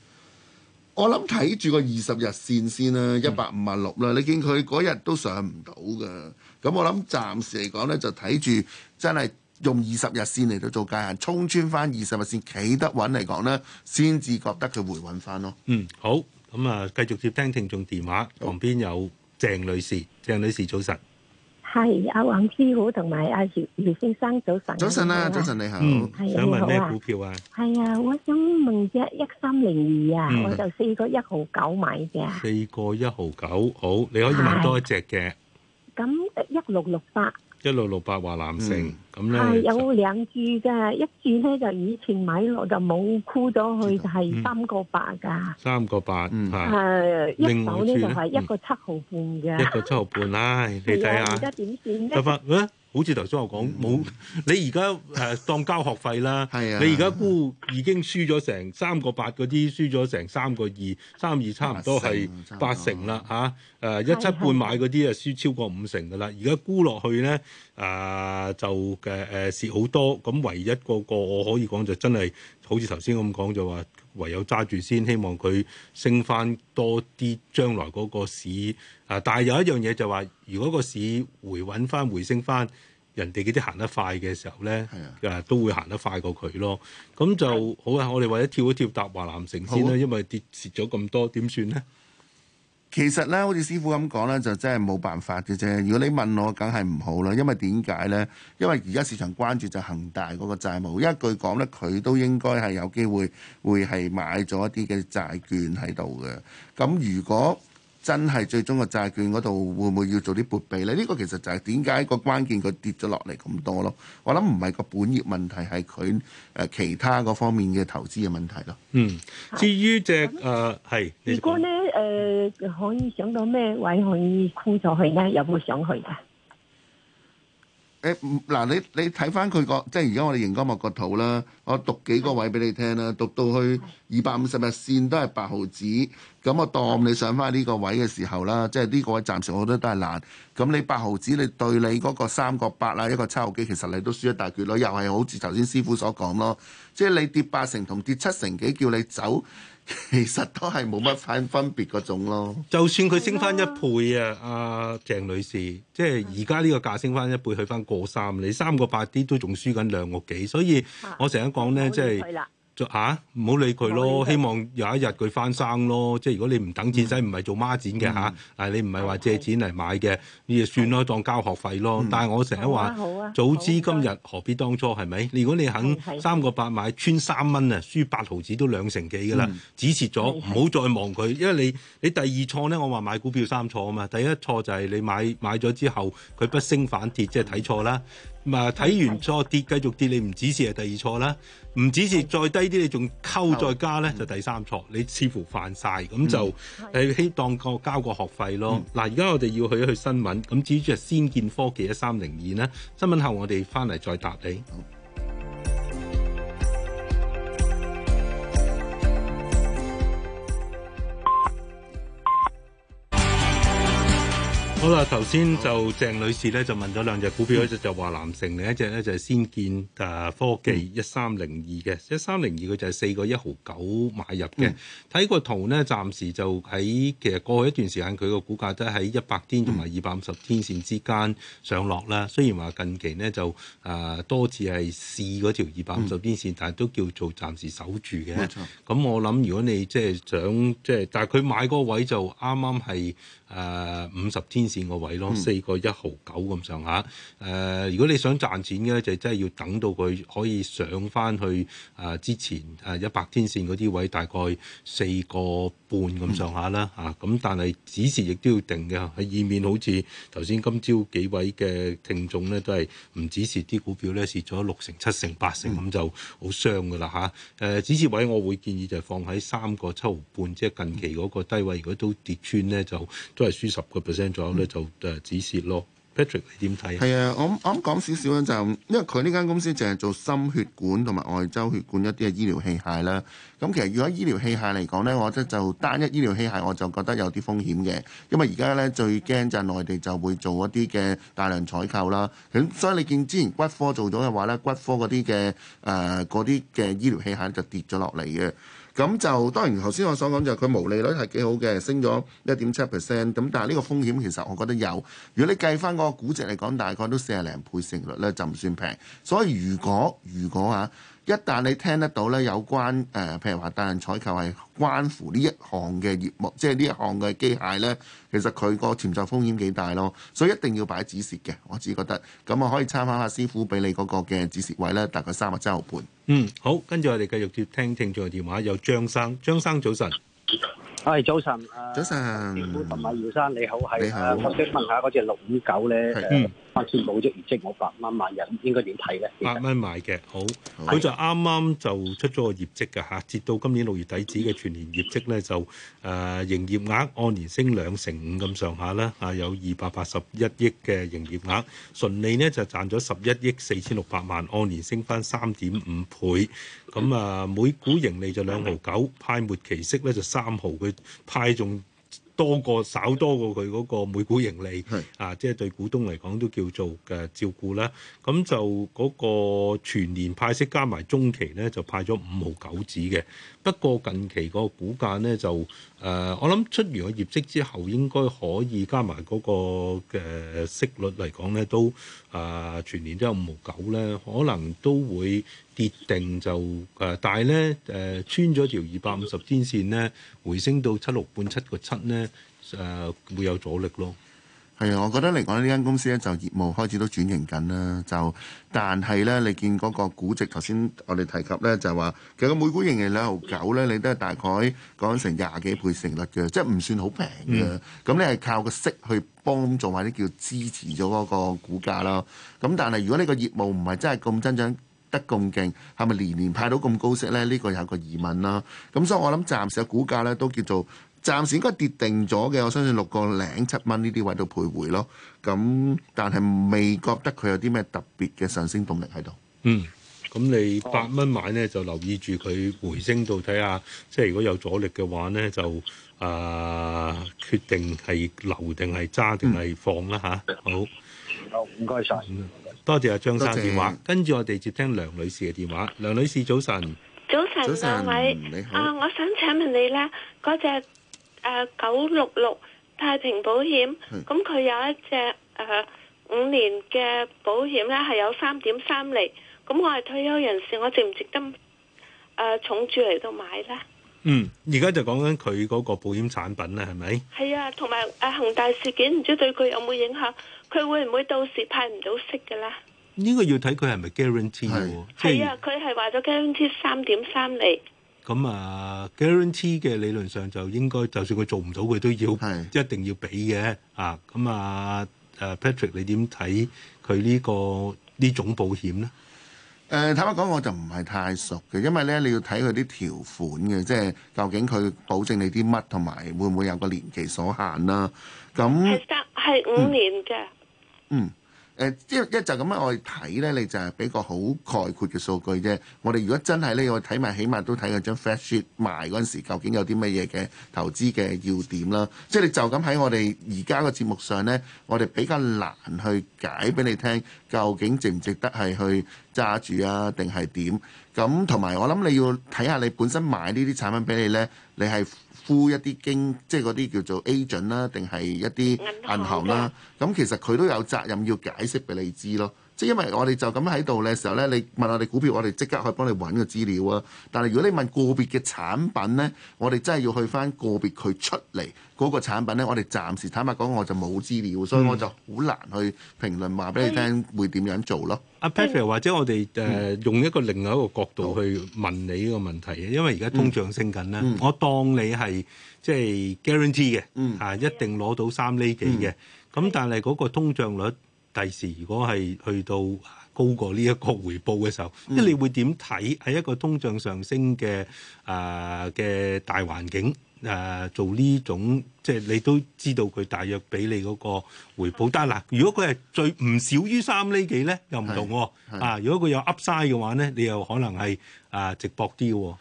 我諗睇住個二十日線先啦，啊，一百五啊六啦。嗯，你見佢嗰日都上唔到㗎。咁、嗯嗯嗯嗯、我諗暫時嚟講咧，就睇住真係。用二十日線嚟到做界限，衝穿翻二十日線企得穩嚟講咧，先至覺得佢回穩翻咯。嗯，好，咁啊，繼續接聽聽眾電話，旁邊有鄭女士，鄭女士早晨，係阿黃師傅同埋阿姚姚先生早晨，早晨啦，早晨你好，想問咩股票啊？係啊，我想問隻一三零二啊，我就四個一毫九買嘅，四個一毫九，好，你可以問多一隻嘅，咁一六六八。一六六八華南城咁咧，係、嗯、有兩注嘅，一注咧就以前買落就冇箍咗去，就係、是、三個八噶，三個八，係、啊，另外一注咧，一手呢一個七毫半嘅，一個七毫半啦、啊， 你睇下而家點算咧？七分。啊好似頭先我講冇，你而家誒當交學費啦， 啊、你而家估已經輸咗成三個八嗰啲，輸咗成三個二三二差唔多係八成啦嚇，誒、啊呃、一七半買嗰啲誒輸超過五成噶啦，而家估落去咧誒、呃、就誒誒蝕好多，咁唯一,一個個我可以講就真係好似頭先咁講就話。唯有揸住先，希望佢升翻多啲，將來嗰個市啊！但係有一樣嘢就話，如果個市回穩翻、回升翻，人哋嗰啲行得快嘅時候咧，誒的都會行得快過佢咯。咁就好啦，我哋或者跳一跳搭華南城先啦，的因為跌蝕咗咁多，點算咧？其實呢，好似師傅咁講呢，就真係冇辦法嘅啫。如果你問我，梗係唔好啦，因為點解呢？因為而家市場關注就恒大嗰個債務，一句講呢，佢都應該係有機會會係買咗一啲嘅債券喺度嘅。咁如果，真係最終個債券嗰度會唔會要做啲撥備咧？呢、呢個其實就係點解個關鍵佢跌咗落嚟咁多咯。我諗唔係個本業問題，係佢誒其他嗰方面嘅投資嘅問題咯。嗯，至於只誒係，是呃、如果咧誒、呃、可以想到咩位可以沽咗佢咧，有冇想去噶？誒，嗱、欸、你你睇翻佢個，即係而家我哋螢光幕個圖啦，我讀幾個位俾你聽啦，讀到去二百五十日線都係八毫子，咁我當你上翻呢個位嘅時候啦，即係呢個位暫時我覺得都係難，咁你八毫子，你對你嗰個三角八啊一個七毫幾，其實你都輸一大鉅咯，又係好似頭先師傅所講咯，即係你跌八成同跌七成幾叫你走。 其實都係冇乜分分別嗰種咯，就算佢升翻一倍的啊，阿鄭女士，即係而家呢個價升翻一倍，去翻過三，你三個八啲都仲輸緊兩個幾，所以我成日講咧，的即係是。就唔好理佢咯，希望有一日佢翻生咯。即係如果你唔等錢使，唔係、嗯、做孖展嘅嚇，嗯、啊你唔係話借錢嚟買嘅，你就算咯，當交學費咯。嗯、但係我成日話，啊啊啊、早知今日何必當初係咪？如果你肯三個八買穿三蚊啊，輸八毫子都兩成幾㗎啦。嗯、止蝕咗，唔好是再望佢，因為你你第二錯咧，我話買股票三錯啊嘛。第一錯就係你買買咗之後，佢不升反跌，即係睇錯啦。嗯咁啊，睇完錯跌，繼續跌，你唔止是係第二錯啦，唔止是再低啲，你仲溝再加咧，就第三錯。你似乎犯晒，咁就係希當個交個學費咯。嗱、嗯，而家我哋要去一去新聞，咁至於就先見科技一三零二啦。新聞後我哋翻嚟再答你。好啦，頭先就鄭女士咧就問咗兩隻股票，一隻、嗯、就華南城，另一隻咧就係、是、先健啊科技一三零二嘅，一三零二佢就係四個一毫九買入嘅。睇、嗯、個圖咧，暫時就喺其實過去一段時間佢個股價都喺一百天同埋二百五十天線之間上落啦。雖然話近期呢就啊、呃、多次係試嗰條二百五十天線，嗯、但係都叫做暫時守住嘅。咁冇錯、我諗如果你即係想即係、就是，但係佢買嗰位就啱啱係。誒五十天線個位咯，四個一毫九咁上下。誒、呃，如果你想賺錢嘅就真係要等到佢可以上翻去啊、呃、之前誒一百天線嗰啲位，大概四個半咁上下啦嚇。咁、嗯啊、但係止蝕亦都要定嘅，以免好似頭先今朝幾位嘅聽眾咧都係唔止蝕啲股票咧，蝕咗六成、七成、八成咁、嗯、就好傷噶啦嚇。誒、啊、止蝕位我會建議就放喺三個七毫半，即係近期嗰個低位，如果都跌穿咧就。都係輸十個 percent 咗，咧就誒止蝕咯。Patrick，你點睇？係啊，我我講少少咧，就因為佢呢間公司淨係做心血管同埋外周血管一啲嘅醫療器械啦。咁其實如果醫療器械嚟講咧，我覺得就單一醫療器械，我就覺得有啲風險嘅，因為而家咧最驚就係內地就會做一啲嘅大量採購啦。咁所以你見之前骨科做咗嘅話咧，骨科嗰啲嘅誒嗰啲嘅醫療器械就跌咗落嚟嘅。咁就當然頭先我所講就係佢毛利率係幾好嘅，升咗一點七 percent。咁但係呢個風險其實我覺得有。如果你計翻個估值嚟講，大概都四十零倍成率咧，就唔算平。所以如果如果嚇、啊。一旦你聽得到咧，有關誒、呃、譬如話大量採購係關乎呢一行嘅業務，即係呢一行嘅機械咧，其實佢個潛在風險幾大咯，所以一定要擺止蝕嘅，我自己覺得咁啊，可以參考下師傅俾你嗰個嘅止蝕位咧，大概三日七毫半。嗯，好，跟住我哋繼續接聽聽眾嘅電話，有張生，張生早晨。嗯。係早晨，啊、早晨，富達、啊、姚生你好，係好、啊，我想問下嗰隻六五九咧，誒、啊，今次冇咗業績，我百蚊買入，應該點睇咧？嗯、百蚊買嘅，好，佢好就啱啱就出咗個業績嘅嚇，截、啊、到今年六月底止嘅全年業績咧，就誒營、啊、業額按年升兩成五咁上下啦，嚇、啊、有二百八十一億嘅營業額，順利呢就賺咗十一億四千六百萬，按年升翻三點五倍。咁啊，嗯、每股盈利就兩毫九，派末期息咧就三毫，佢派仲多過稍多過佢嗰個每股盈利。的啊，即係對股東嚟講都叫做嘅照顧啦。咁就嗰個全年派息加埋中期咧，就派咗五毫九紙嘅。不過近期個股價咧就誒、呃、我諗出完個業績之後應該可以加埋嗰、那個嘅、呃、息率嚟講咧，都啊、呃、全年都有五毫九咧，可能都會。跌定就誒、呃，但係咧誒穿咗條二百五十天線咧，回升到七六半七個七咧誒，會有阻力咯。係啊，我覺得嚟講呢間公司咧就業務開始都轉型緊啦。就但係咧，你見嗰個估值頭先我哋提及咧，就話其實每股盈利兩毫九咧，你都係大概講成廿幾倍成率嘅，即係唔算好平嘅。咁、嗯、你係靠個息去幫助，或者叫支持咗嗰個股價啦。咁但係如果你個業務唔係真係咁增長，得咁勁，係咪年年派到咁高息呢？呢、個有個疑問啦。咁所以我諗暫時嘅股價呢都叫做暫時應該跌定咗嘅。我相信六個零七蚊呢啲位度徘徊咯。咁但係未覺得佢有啲咩特別嘅上升動力喺度。嗯，咁你八蚊買呢，就留意住佢回升到底下，即係如果有阻力嘅話呢，就啊、呃、決定係留定係揸定係放啦、啊、嚇。嗯、好，好唔該晒。謝謝嗯多謝阿張生電話，跟住 Okay. 我哋接聽梁女士嘅電話。梁女士早晨，早晨啊，位啊晨好、呃，我想請問你咧，嗰隻誒九六六太平保險，咁佢是有一隻誒五年嘅保險呢係有三點三厘，咁我係退休人士，我值唔值得誒、呃、重注嚟到買呢？嗯，而家就講緊佢嗰個保險產品咧，係咪？係啊，同埋誒恒大事件，唔知對佢有冇影響？佢會唔會到時派唔到息嘅啦？應該要睇佢係咪 guarantee 嘅喎。係是即啊，佢係話咗 guarantee 三點三厘。咁啊，guarantee 嘅理論上就應該，就算佢做唔到，佢都要即是一定要俾嘅啊。咁啊，誒 Patrick，你點睇佢呢個呢種保險咧？誒、呃、坦白講，我就唔係太熟嘅，因為咧你要睇佢啲條款嘅，即係究竟佢保證你啲乜，同埋會唔會有個年期所限啦、啊？咁係三係五年啫。嗯。嗯，誒、呃，一一就咁樣我哋睇咧，你就係俾個好概括嘅數據啫。我哋如果真係呢，我睇埋，起碼都睇嗰張 fact sheet 賣嗰陣時，究竟有啲乜嘢嘅投資嘅要點啦。即係你就咁喺我哋而家個節目上呢，我哋比較難去解俾你聽，究竟值唔值得係去揸住啊，定係點？咁同埋我諗你要睇下你本身買呢啲產品俾你呢，你係，呼一啲經，即係嗰啲叫做 agent 啦，定係一啲銀行啦。咁其實佢都有責任要解釋俾你知咯。即係因為我哋就咁喺度嘅時候咧，你問我哋股票，我哋即刻去幫你揾個資料啊。但係如果你問個別嘅產品咧，我哋真係要去翻個別佢出嚟嗰、嗰個產品咧，我哋暫時坦白講，我就冇資料，所以我就好難去評論話俾你聽會點樣做咯。啊、Patrick，或者我哋誒、呃、用一個另外一個角度去問你呢個問題，因為而家通脹升緊咧，嗯、我當你係即係 guarantee 嘅嚇，就是嗯、一定攞到三厘幾嘅。咁、嗯嗯、但係嗰個通脹率。第時如果係去到高過呢一個回報嘅時候，即係、嗯、你會點睇？喺一個通脹上升嘅啊嘅大環境啊、呃，做呢種即係你都知道佢大約俾你嗰個回報單啦、嗯。如果佢係最唔少於三厘幾咧，又唔同喎啊，啊！如果佢有 Upside 嘅話咧，你又可能係、呃、啊，值博啲嘅。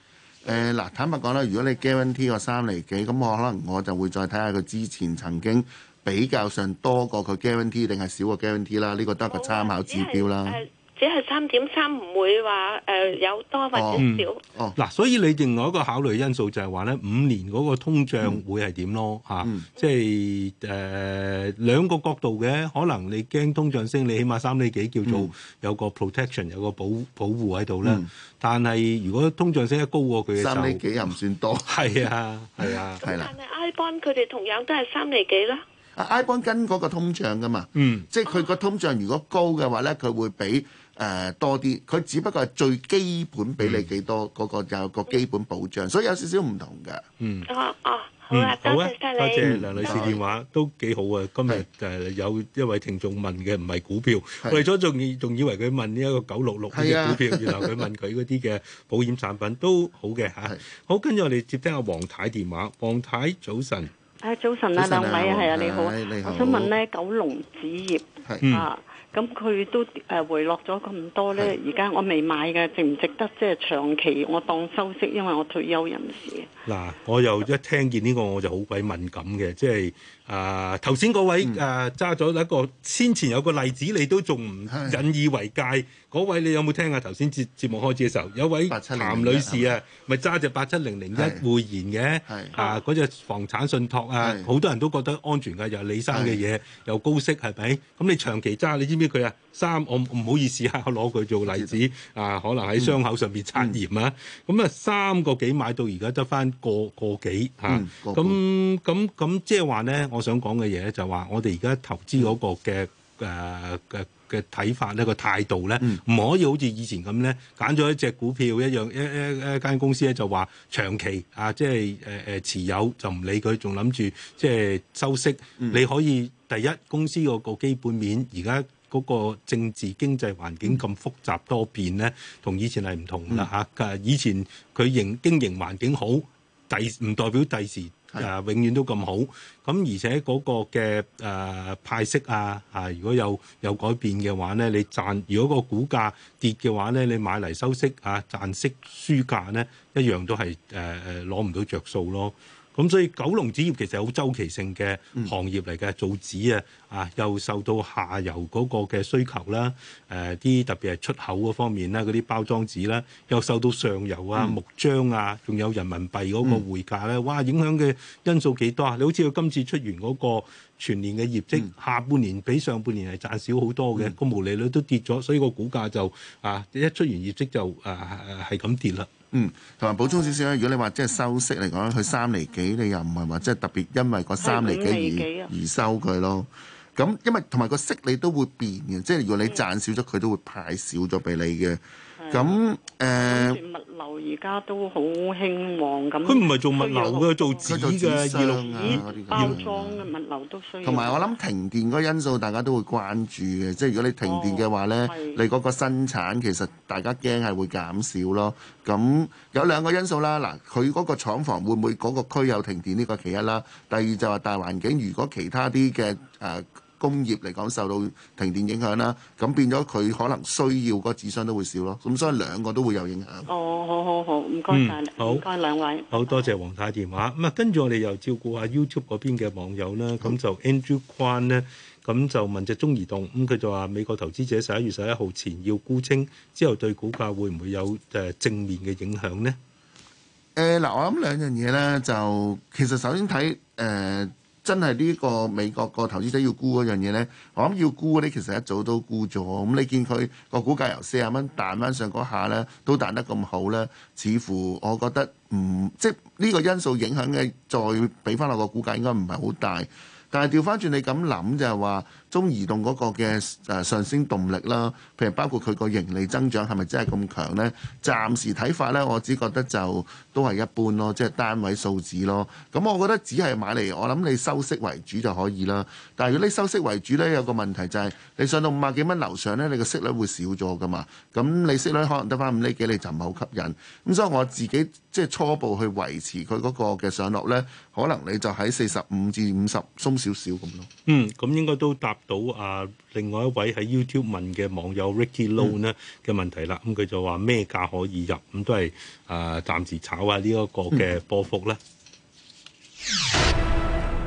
嗱，坦白講啦，如果你 Guarantee 個三厘幾，咁我可能我就會再睇下佢之前曾經。比較上多過佢 guarantee 定係少過 guarantee 啦，呢個得個參考指標啦。誒，只係三點三，唔會話誒有多或者少。哦，嗱，所以你另外一個考慮因素就係話咧，五年嗰個通脹會係點咯？嚇，即係誒兩個角度嘅，可能你驚通脹升，你起碼三釐幾叫做有個 protection，有個保保護喺度咧。但係如果通脹升得高過佢，三釐幾又唔算多。係啊，係啊，係啦。但係 I bond 佢哋同樣都係三釐幾啦。啊，I 本跟嗰個通脹噶嘛，嗯、即係佢個通脹如果高嘅話咧，佢會俾誒、呃、多啲。佢只不過係最基本俾你幾多嗰個就有個基本保障，所以有少少唔同嘅。嗯，哦好啊，謝謝多謝曬你。梁女士電話、嗯、都幾好啊。今日誒有一位聽眾問嘅唔係股票，是為咗仲仲以為佢問呢一個九六六呢隻股票，啊、然後佢問佢嗰啲嘅保險產品都好嘅嚇是、啊。好，跟住我哋接聽阿黃太電話。黃太早晨。誒早晨，早晨米啊，兩位，啊，係啊，你好，我想問咧，九龍紙業啊，咁佢是、嗯、都誒回落咗咁多咧，而家是我未買嘅，值唔值得即係、就是、長期我當收息？因為我退休人士。嗱，我又一聽見呢、這個我就好鬼敏感嘅，即係。啊！頭先嗰位誒揸咗一個，先前有個例子，你都仲唔引以為戒？嗰的位你有冇聽啊？頭先節目開始嘅時候，有位譚女士啊，咪揸隻八七零零一匯賢嘅，的啊嗰隻、那個、房產信託啊，好的多人都覺得安全㗎，又係李生嘅嘢，的又高息係咪？咁你長期揸，你知唔知佢啊？三我唔好意思嚇，攞佢做例子，嗯、啊，可能喺傷口上邊擦鹽啊。咁、嗯、啊，三個幾買到而家得翻個個幾嚇。咁咁咁，即係話咧，我想講嘅嘢就話，就是、我哋而家投資嗰、嗰個嘅誒嘅嘅睇法呢個態度咧，唔可以好似以前咁咧，揀咗一隻股票一樣一一一,一間公司咧、啊，就話長期啊，即係誒誒持有就唔理佢，仲諗住即係收息。你可以第一公司嗰個基本面而家。嗰個政治經濟環境咁複雜多變呢，同以前係唔同啦嚇。嗯、以前佢營經營環境好，第唔代表第時誒、啊、永遠都咁好。咁而且嗰個嘅誒、呃、派息啊嚇，如果有有改變嘅話呢，你賺如果個股價跌嘅話呢，你買嚟收息啊賺息輸價呢一樣都係誒誒攞唔到着數咯。咁所以玖龍紙業其實係好周期性嘅行業嚟嘅，造紙啊，啊又受到下游嗰個嘅需求啦，誒、呃、啲特別係出口嗰方面啦，嗰啲包裝紙啦，又受到上游啊、嗯、木漿啊，仲有人民幣嗰個匯價咧，嗯、哇！影響嘅因素幾多啊？你好似佢今次出完嗰個全年嘅業績，嗯、下半年比上半年係賺少好多嘅，個毛、嗯、利率都跌咗，所以個股價就啊一出完業績就啊係咁跌啦。啊嗯，同埋補充少少啦。如果你話即係收息嚟講，佢三厘幾，你又唔係話即係特別，因為個三厘幾而而收佢咯。咁因為同埋個息你都會變嘅，即係如果你賺少咗，佢都會派少咗俾你嘅。咁誒，物流而家都好興旺咁，佢唔係做物流嘅，做紙嘅，二、啊、包裝嘅物流都需要。同埋我諗停電嗰個因素，大家都會關注嘅，哦、即係如果你停電嘅話咧，是你嗰個生產其實大家驚係會減少咯。咁有兩個因素啦，嗱，佢嗰個廠房會唔會嗰個區有停電呢、這個其一啦，第二就係大環境，如果其他啲嘅啊。呃工業嚟講受到停電影響啦，咁變咗佢可能需要個智商都會少咯，咁所以兩個都會有影響。哦，好好好，唔該晒。唔該兩位。好，好，好多謝黃太電話。咁啊，跟住我哋又照顧下 YouTube 嗰邊嘅網友啦。咁就 Andrew Kwan 咧，咁就問隻中移動，咁佢就話美國投資者十一月十一號前要沽清，之後對股價會唔會有誒、呃、正面嘅影響呢？誒，嗱，我諗兩樣嘢咧，就其實首先睇誒。呃真係呢個美國個投資者要沽嗰樣嘢呢？我諗要沽呢，其實一早都沽咗。咁你見佢個股價由四十蚊彈翻上嗰下呢，都彈得咁好呢？似乎我覺得唔即係呢個因素影響嘅，再俾翻落個股價應該唔係好大。但係調翻轉你咁諗就係話。中移動嗰個嘅誒上升動力啦，譬如包括佢個盈利增長係咪真係咁強呢？暫時睇法呢，我只覺得就都係一般咯，即係單位數字咯。咁我覺得只係買嚟，我諗你收息為主就可以啦。但係如果你收息為主呢，有個問題就係你上到五百幾蚊樓上呢，你個息率會少咗噶嘛？咁你息率可能得翻五厘幾，你就唔係好吸引。咁所以我自己即係初步去維持佢嗰個嘅上落呢，可能你就喺四十五至五十鬆少少咁咯。嗯，咁應該都答到啊，另外一位喺 YouTube 問嘅網友 Ricky Low 呢嘅問題啦，咁佢、嗯、就話咩價可以入，咁都係啊、呃，暫時炒下呢一個嘅波幅咧。嗯。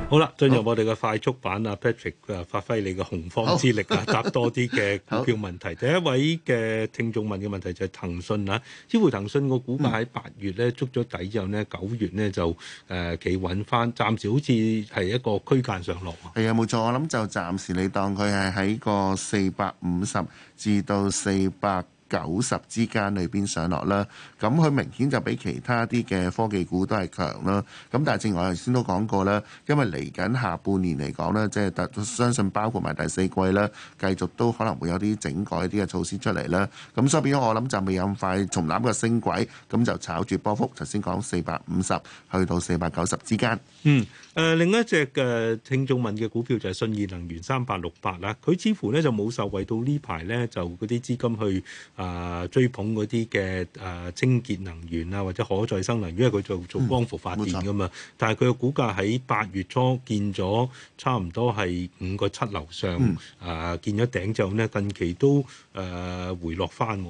好啦，進入我哋嘅快速版啊好，Patrick 啊，發揮你嘅洪荒之力啊，好答多啲嘅股票問題。好第一位嘅聽眾問嘅問題就係騰訊啊，似乎騰訊個股價喺八月咧捉咗底之後咧，九月咧就誒企、呃、穩翻，暫時好似係一個區間上落啊。係啊，冇錯，我諗就暫時你當佢係喺個四百五十至到四百九十之間裏邊上落啦，咁佢明顯就比其他啲嘅科技股都係強啦。咁但係正如我頭先都講過啦，因為嚟緊下半年嚟講咧，即係特相信包括埋第四季啦，繼續都可能會有啲整改啲嘅措施出嚟啦。咁所以變咗我諗就未有咁快重攬個升軌，咁就炒住波幅。頭先講四百五十去到四百九十之間。嗯，誒另一隻嘅聽眾問嘅股票就係信義能源三八六八啦，佢似乎咧就冇受惠到呢排咧，就嗰啲資金去。誒、啊、追捧嗰啲嘅誒清潔能源啊，或者可再生能源，因為佢做做光伏發電噶嘛。嗯、但係佢嘅股價喺八月初見咗差唔多係五個七樓上，誒、嗯啊、見咗頂之後呢，近期都誒、啊、回落翻。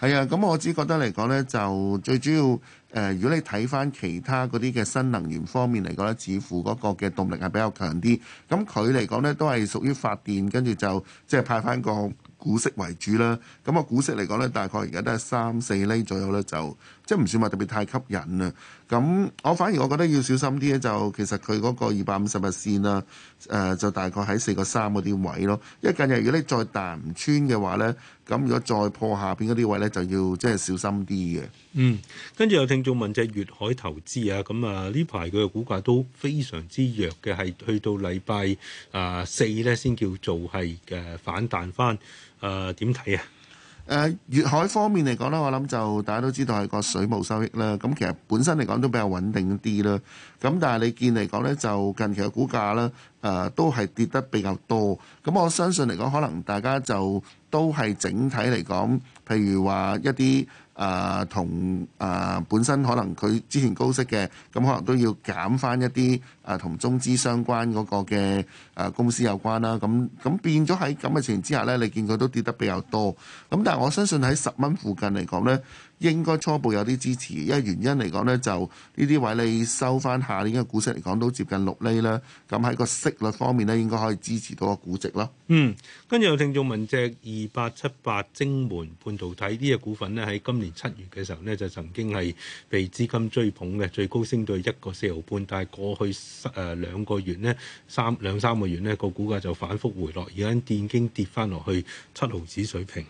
係啊，咁我只覺得嚟講呢，就最主要誒、呃，如果你睇翻其他嗰啲嘅新能源方面嚟講呢，似乎嗰個嘅動力係比較強啲。咁佢嚟講呢，都係屬於發電，跟住就即係派翻個股息為主啦，咁啊股息嚟講咧，大概而家都係三四厘左右咧就。即係唔算話特別太吸引啊！咁我反而我覺得要小心啲咧，就其實佢嗰個二百五十日線啦，誒、啊呃、就大概喺四個三嗰啲位咯。因為近日如果你再彈唔穿嘅話咧，咁如果再破下邊嗰啲位咧，就要即係小心啲嘅。嗯，跟住有聽眾問隻，粵海投資啊，咁啊呢排佢嘅股價都非常之弱嘅，係去到禮拜啊四咧先叫做係誒反彈返，誒點睇啊？誒，粵、呃、海方面嚟講咧，我諗就大家都知道係個水務收益啦。咁、嗯、其實本身嚟講都比較穩定啲啦。咁、嗯、但係你見嚟講咧，就近期嘅股價咧，誒、呃、都係跌得比較多。咁、嗯、我相信嚟講，可能大家就都係整體嚟講，譬如話一啲。啊，同啊、呃呃、本身可能佢之前高息嘅，咁、嗯、可能都要減返一啲啊，同、呃、中資相關嗰個嘅啊、呃、公司有關啦。咁、嗯、咁、嗯、變咗喺咁嘅情形之下呢，你見佢都跌得比較多。咁、嗯、但係我相信喺十蚊附近嚟講呢，應該初步有啲支持，因為原因嚟講咧，就呢啲位你收翻下年嘅股息嚟講都接近六厘啦。咁喺個息率方面咧，應該可以支持到個估值啦。嗯，跟住有聽眾問隻二八七八晶門半導體呢隻、這個、股份咧，喺今年七月嘅時候咧，就曾經係被資金追捧嘅，最高升到一個四毫半，但係過去誒兩個月咧，三兩三個月咧，個股價就反覆回落，而家已經跌翻落去七毫子水平。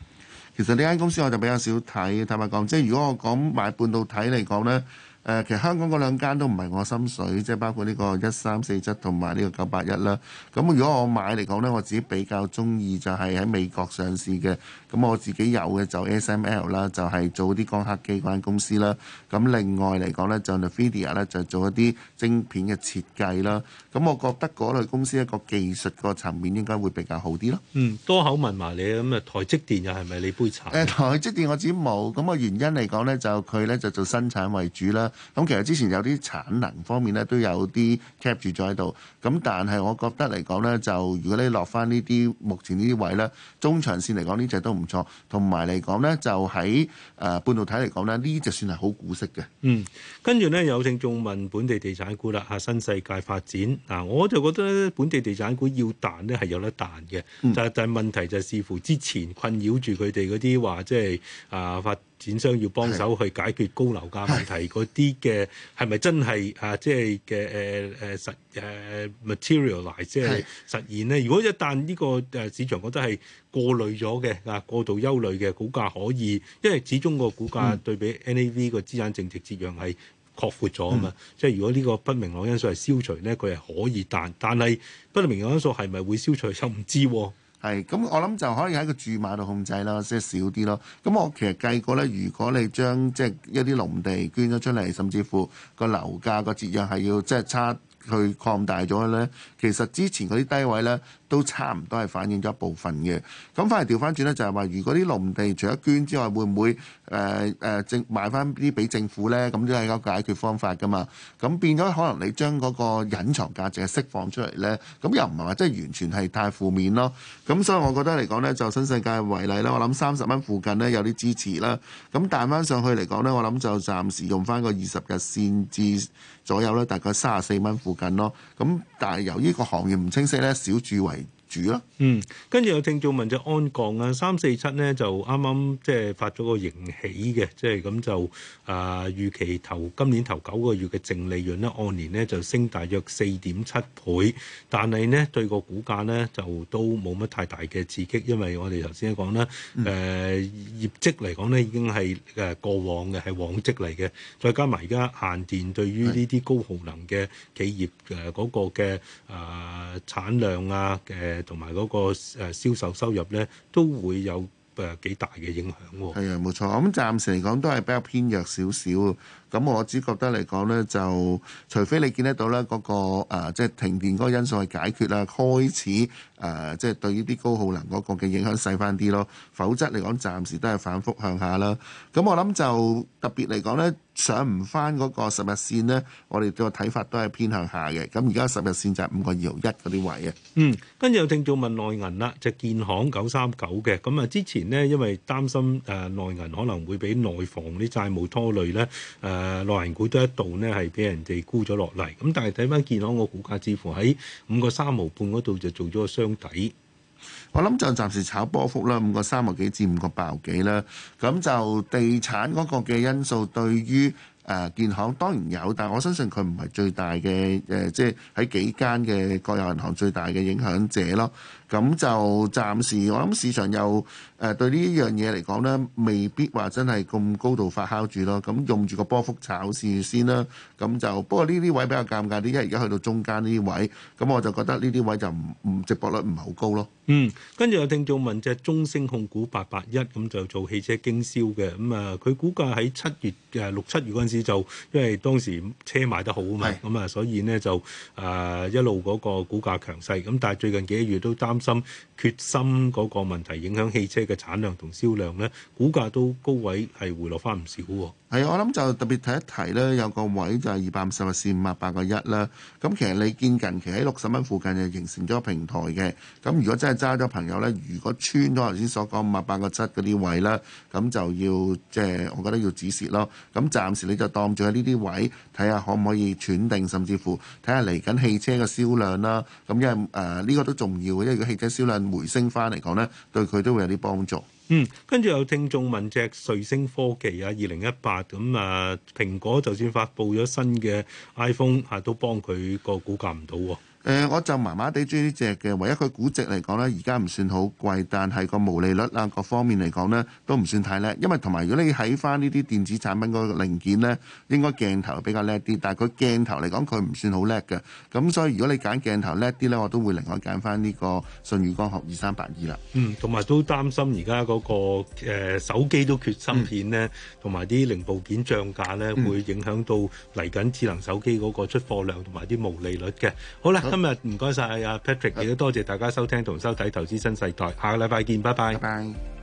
其實呢間公司我就比較少睇，坦白講，即係如果我講買半導體嚟講咧。誒其實香港嗰兩間都唔係我心水，即係包括呢個一三四七同埋呢個九八一啦。咁如果我買嚟講呢，我自己比較中意就係喺美國上市嘅。咁我自己有嘅就 SML 啦，就係做啲光刻機嗰間公司啦。咁另外嚟講呢，就 NVIDIA 咧就做一啲晶片嘅設計啦。咁我覺得嗰類公司一個技術個層面應該會比較好啲咯。嗯，多口問埋你咁啊，台積電又係咪你杯茶？誒、呃，台積電我自己冇。咁個原因嚟講呢，就佢呢就做生產為主啦。咁其實之前有啲產能方面咧都有啲 cap 住咗喺度，咁但係我覺得嚟講咧，就如果你落翻呢啲目前呢啲位咧，中長線嚟講呢隻都唔錯，同埋嚟講咧就喺誒、呃、半導體嚟講咧呢隻算係好股息嘅。嗯，跟住咧有請仲問本地地產股啦，嚇、啊、新世界發展嗱、啊，我就覺得本地地產股要彈咧係有得彈嘅，嗯、但但係問題就係視乎之前困擾住佢哋嗰啲話即係誒發展商要幫手去解決高樓價問題，嗰啲嘅係咪真係啊？即係嘅誒誒實誒 materialize，即、啊、係實、啊、實現咧的？如果一旦呢個誒市場覺得係過濾咗嘅啊，過度憂慮嘅股價可以，因為始終個股價對比 NAV 個資產淨值折讓係擴闊咗啊嘛。的的即係如果呢個不明朗因素係消除咧，佢係可以彈。但係不明朗因素係咪會消除，就唔知喎。係，咁我諗就可以喺個注碼度控制啦，即係少啲咯。咁我其實計過呢，如果你將即係一啲農地捐咗出嚟，甚至乎個樓價個節約係要即係差去擴大咗呢，其實之前嗰啲低位呢。都差唔多係反映咗一部分嘅，咁翻嚟調翻轉呢，就係話如果啲農地除咗捐之外，會唔會誒誒政買翻啲俾政府呢？咁都係一個解決方法噶嘛。咁變咗可能你將嗰個隱藏價值釋放出嚟呢，咁又唔係話即係完全係太負面咯。咁所以我覺得嚟講呢，就新世界為例啦，我諗三十蚊附近呢有啲支持啦。咁彈翻上去嚟講呢，我諗就暫時用翻個二十日線至左右啦，大概三十四蚊附近咯。咁但係由於個行業唔清晰呢，小注為住啦，嗯，跟住有聽眾問就安降啊，三四七咧就啱啱即係發咗個盈喜嘅，即係咁就啊、是呃、預期頭今年頭九個月嘅淨利潤咧，按年咧就升大約四點七倍，但係咧對個股價咧就都冇乜太大嘅刺激，因為我哋頭先講啦，誒、呃、業績嚟講咧已經係誒過往嘅係往績嚟嘅，再加埋而家限電對於呢啲高耗能嘅企業誒嗰個嘅啊、呃、產量啊誒。同埋嗰個誒銷售收入咧，都會有誒、呃、幾大嘅影響喎。係啊，冇錯，咁、嗯、暫時嚟講都係比較偏弱少少。咁我只覺得嚟講咧，就除非你見得到咧嗰、那個即係、呃就是、停電嗰個因素去解決啦，開始誒，即、呃、係、就是、對於啲高耗能嗰個嘅影響細翻啲咯。否則嚟講，暫時都係反覆向下啦。咁我諗就特別嚟講咧，上唔翻嗰個十日線咧，我哋個睇法都係偏向下嘅。咁而家十日線就係五個二毫一嗰啲位啊。嗯，跟住有聽眾問內銀啦，就是、建行九三九嘅。咁啊，之前呢，因為擔心誒內銀可能會俾內房啲債務拖累咧，誒、呃。誒內銀股都一度呢係俾人哋沽咗落嚟，咁但係睇翻建行個估價，似乎喺五個三毫半嗰度就做咗個箱底。我諗就暫時炒波幅啦，五個三毫幾至五個八毫幾啦。咁就地產嗰個嘅因素對於誒建行當然有，但係我相信佢唔係最大嘅誒，即係喺幾間嘅國有銀行最大嘅影響者咯。咁就暫時，我諗市場又誒、呃、對呢樣嘢嚟講咧，未必話真係咁高度發酵住咯。咁、嗯、用住個波幅炒事先先啦。咁就不過呢啲位比較尷尬啲，因為而家去到中間呢啲位，咁我就覺得呢啲位就唔唔值博率唔係好高咯。嗯，跟住有聽眾問隻中升控股八八一，咁就做汽車經銷嘅，咁啊佢股價喺七月誒六七月嗰陣時就，因為當時車賣得好啊嘛，咁啊是、嗯、所以呢就誒、呃、一路嗰個股價強勢，咁但係最近幾個月都擔心決心嗰個問題影響汽車嘅產量同銷量呢，股價都高位係回落翻唔少喎。係啊，我諗就特別提一提呢，有個位就係二百五十或四五啊八個一啦。咁其實你見近期喺六十蚊附近就形成咗平台嘅。咁如果真係揸咗朋友呢，如果穿咗頭先所講五啊八個七嗰啲位啦，咁就要即係、就是、我覺得要止蝕咯。咁暫時你就當住喺呢啲位睇下可唔可以喘定，甚至乎睇下嚟緊汽車嘅銷量啦。咁因為誒呢、呃呢個都重要嘅。而且銷量回升翻嚟講呢，對佢都會有啲幫助。嗯，跟住有聽眾問隻瑞星科技啊，二零一八咁啊，蘋果就算發布咗新嘅 iPhone 嚇、啊，都幫佢個股價唔到喎。誒、呃，我就麻麻地中意呢隻嘅，唯一佢估值嚟講咧，而家唔算好貴，但係個毛利率啦各方面嚟講咧，都唔算太叻。因為同埋如果你睇翻呢啲電子產品嗰個零件咧，應該鏡頭比較叻啲，但係佢鏡頭嚟講佢唔算好叻嘅。咁所以如果你揀鏡頭叻啲咧，我都會另外揀翻呢個舜宇光學二三八二啦。嗯，同埋都擔心而家嗰個、呃、手機都缺芯片咧，同埋啲零部件漲價咧，嗯、會影響到嚟緊智能手機嗰個出貨量同埋啲毛利率嘅。好啦。今日唔該晒阿 Patrick，亦都多謝大家收聽同收睇《投資新世代》，下個禮拜見，拜拜。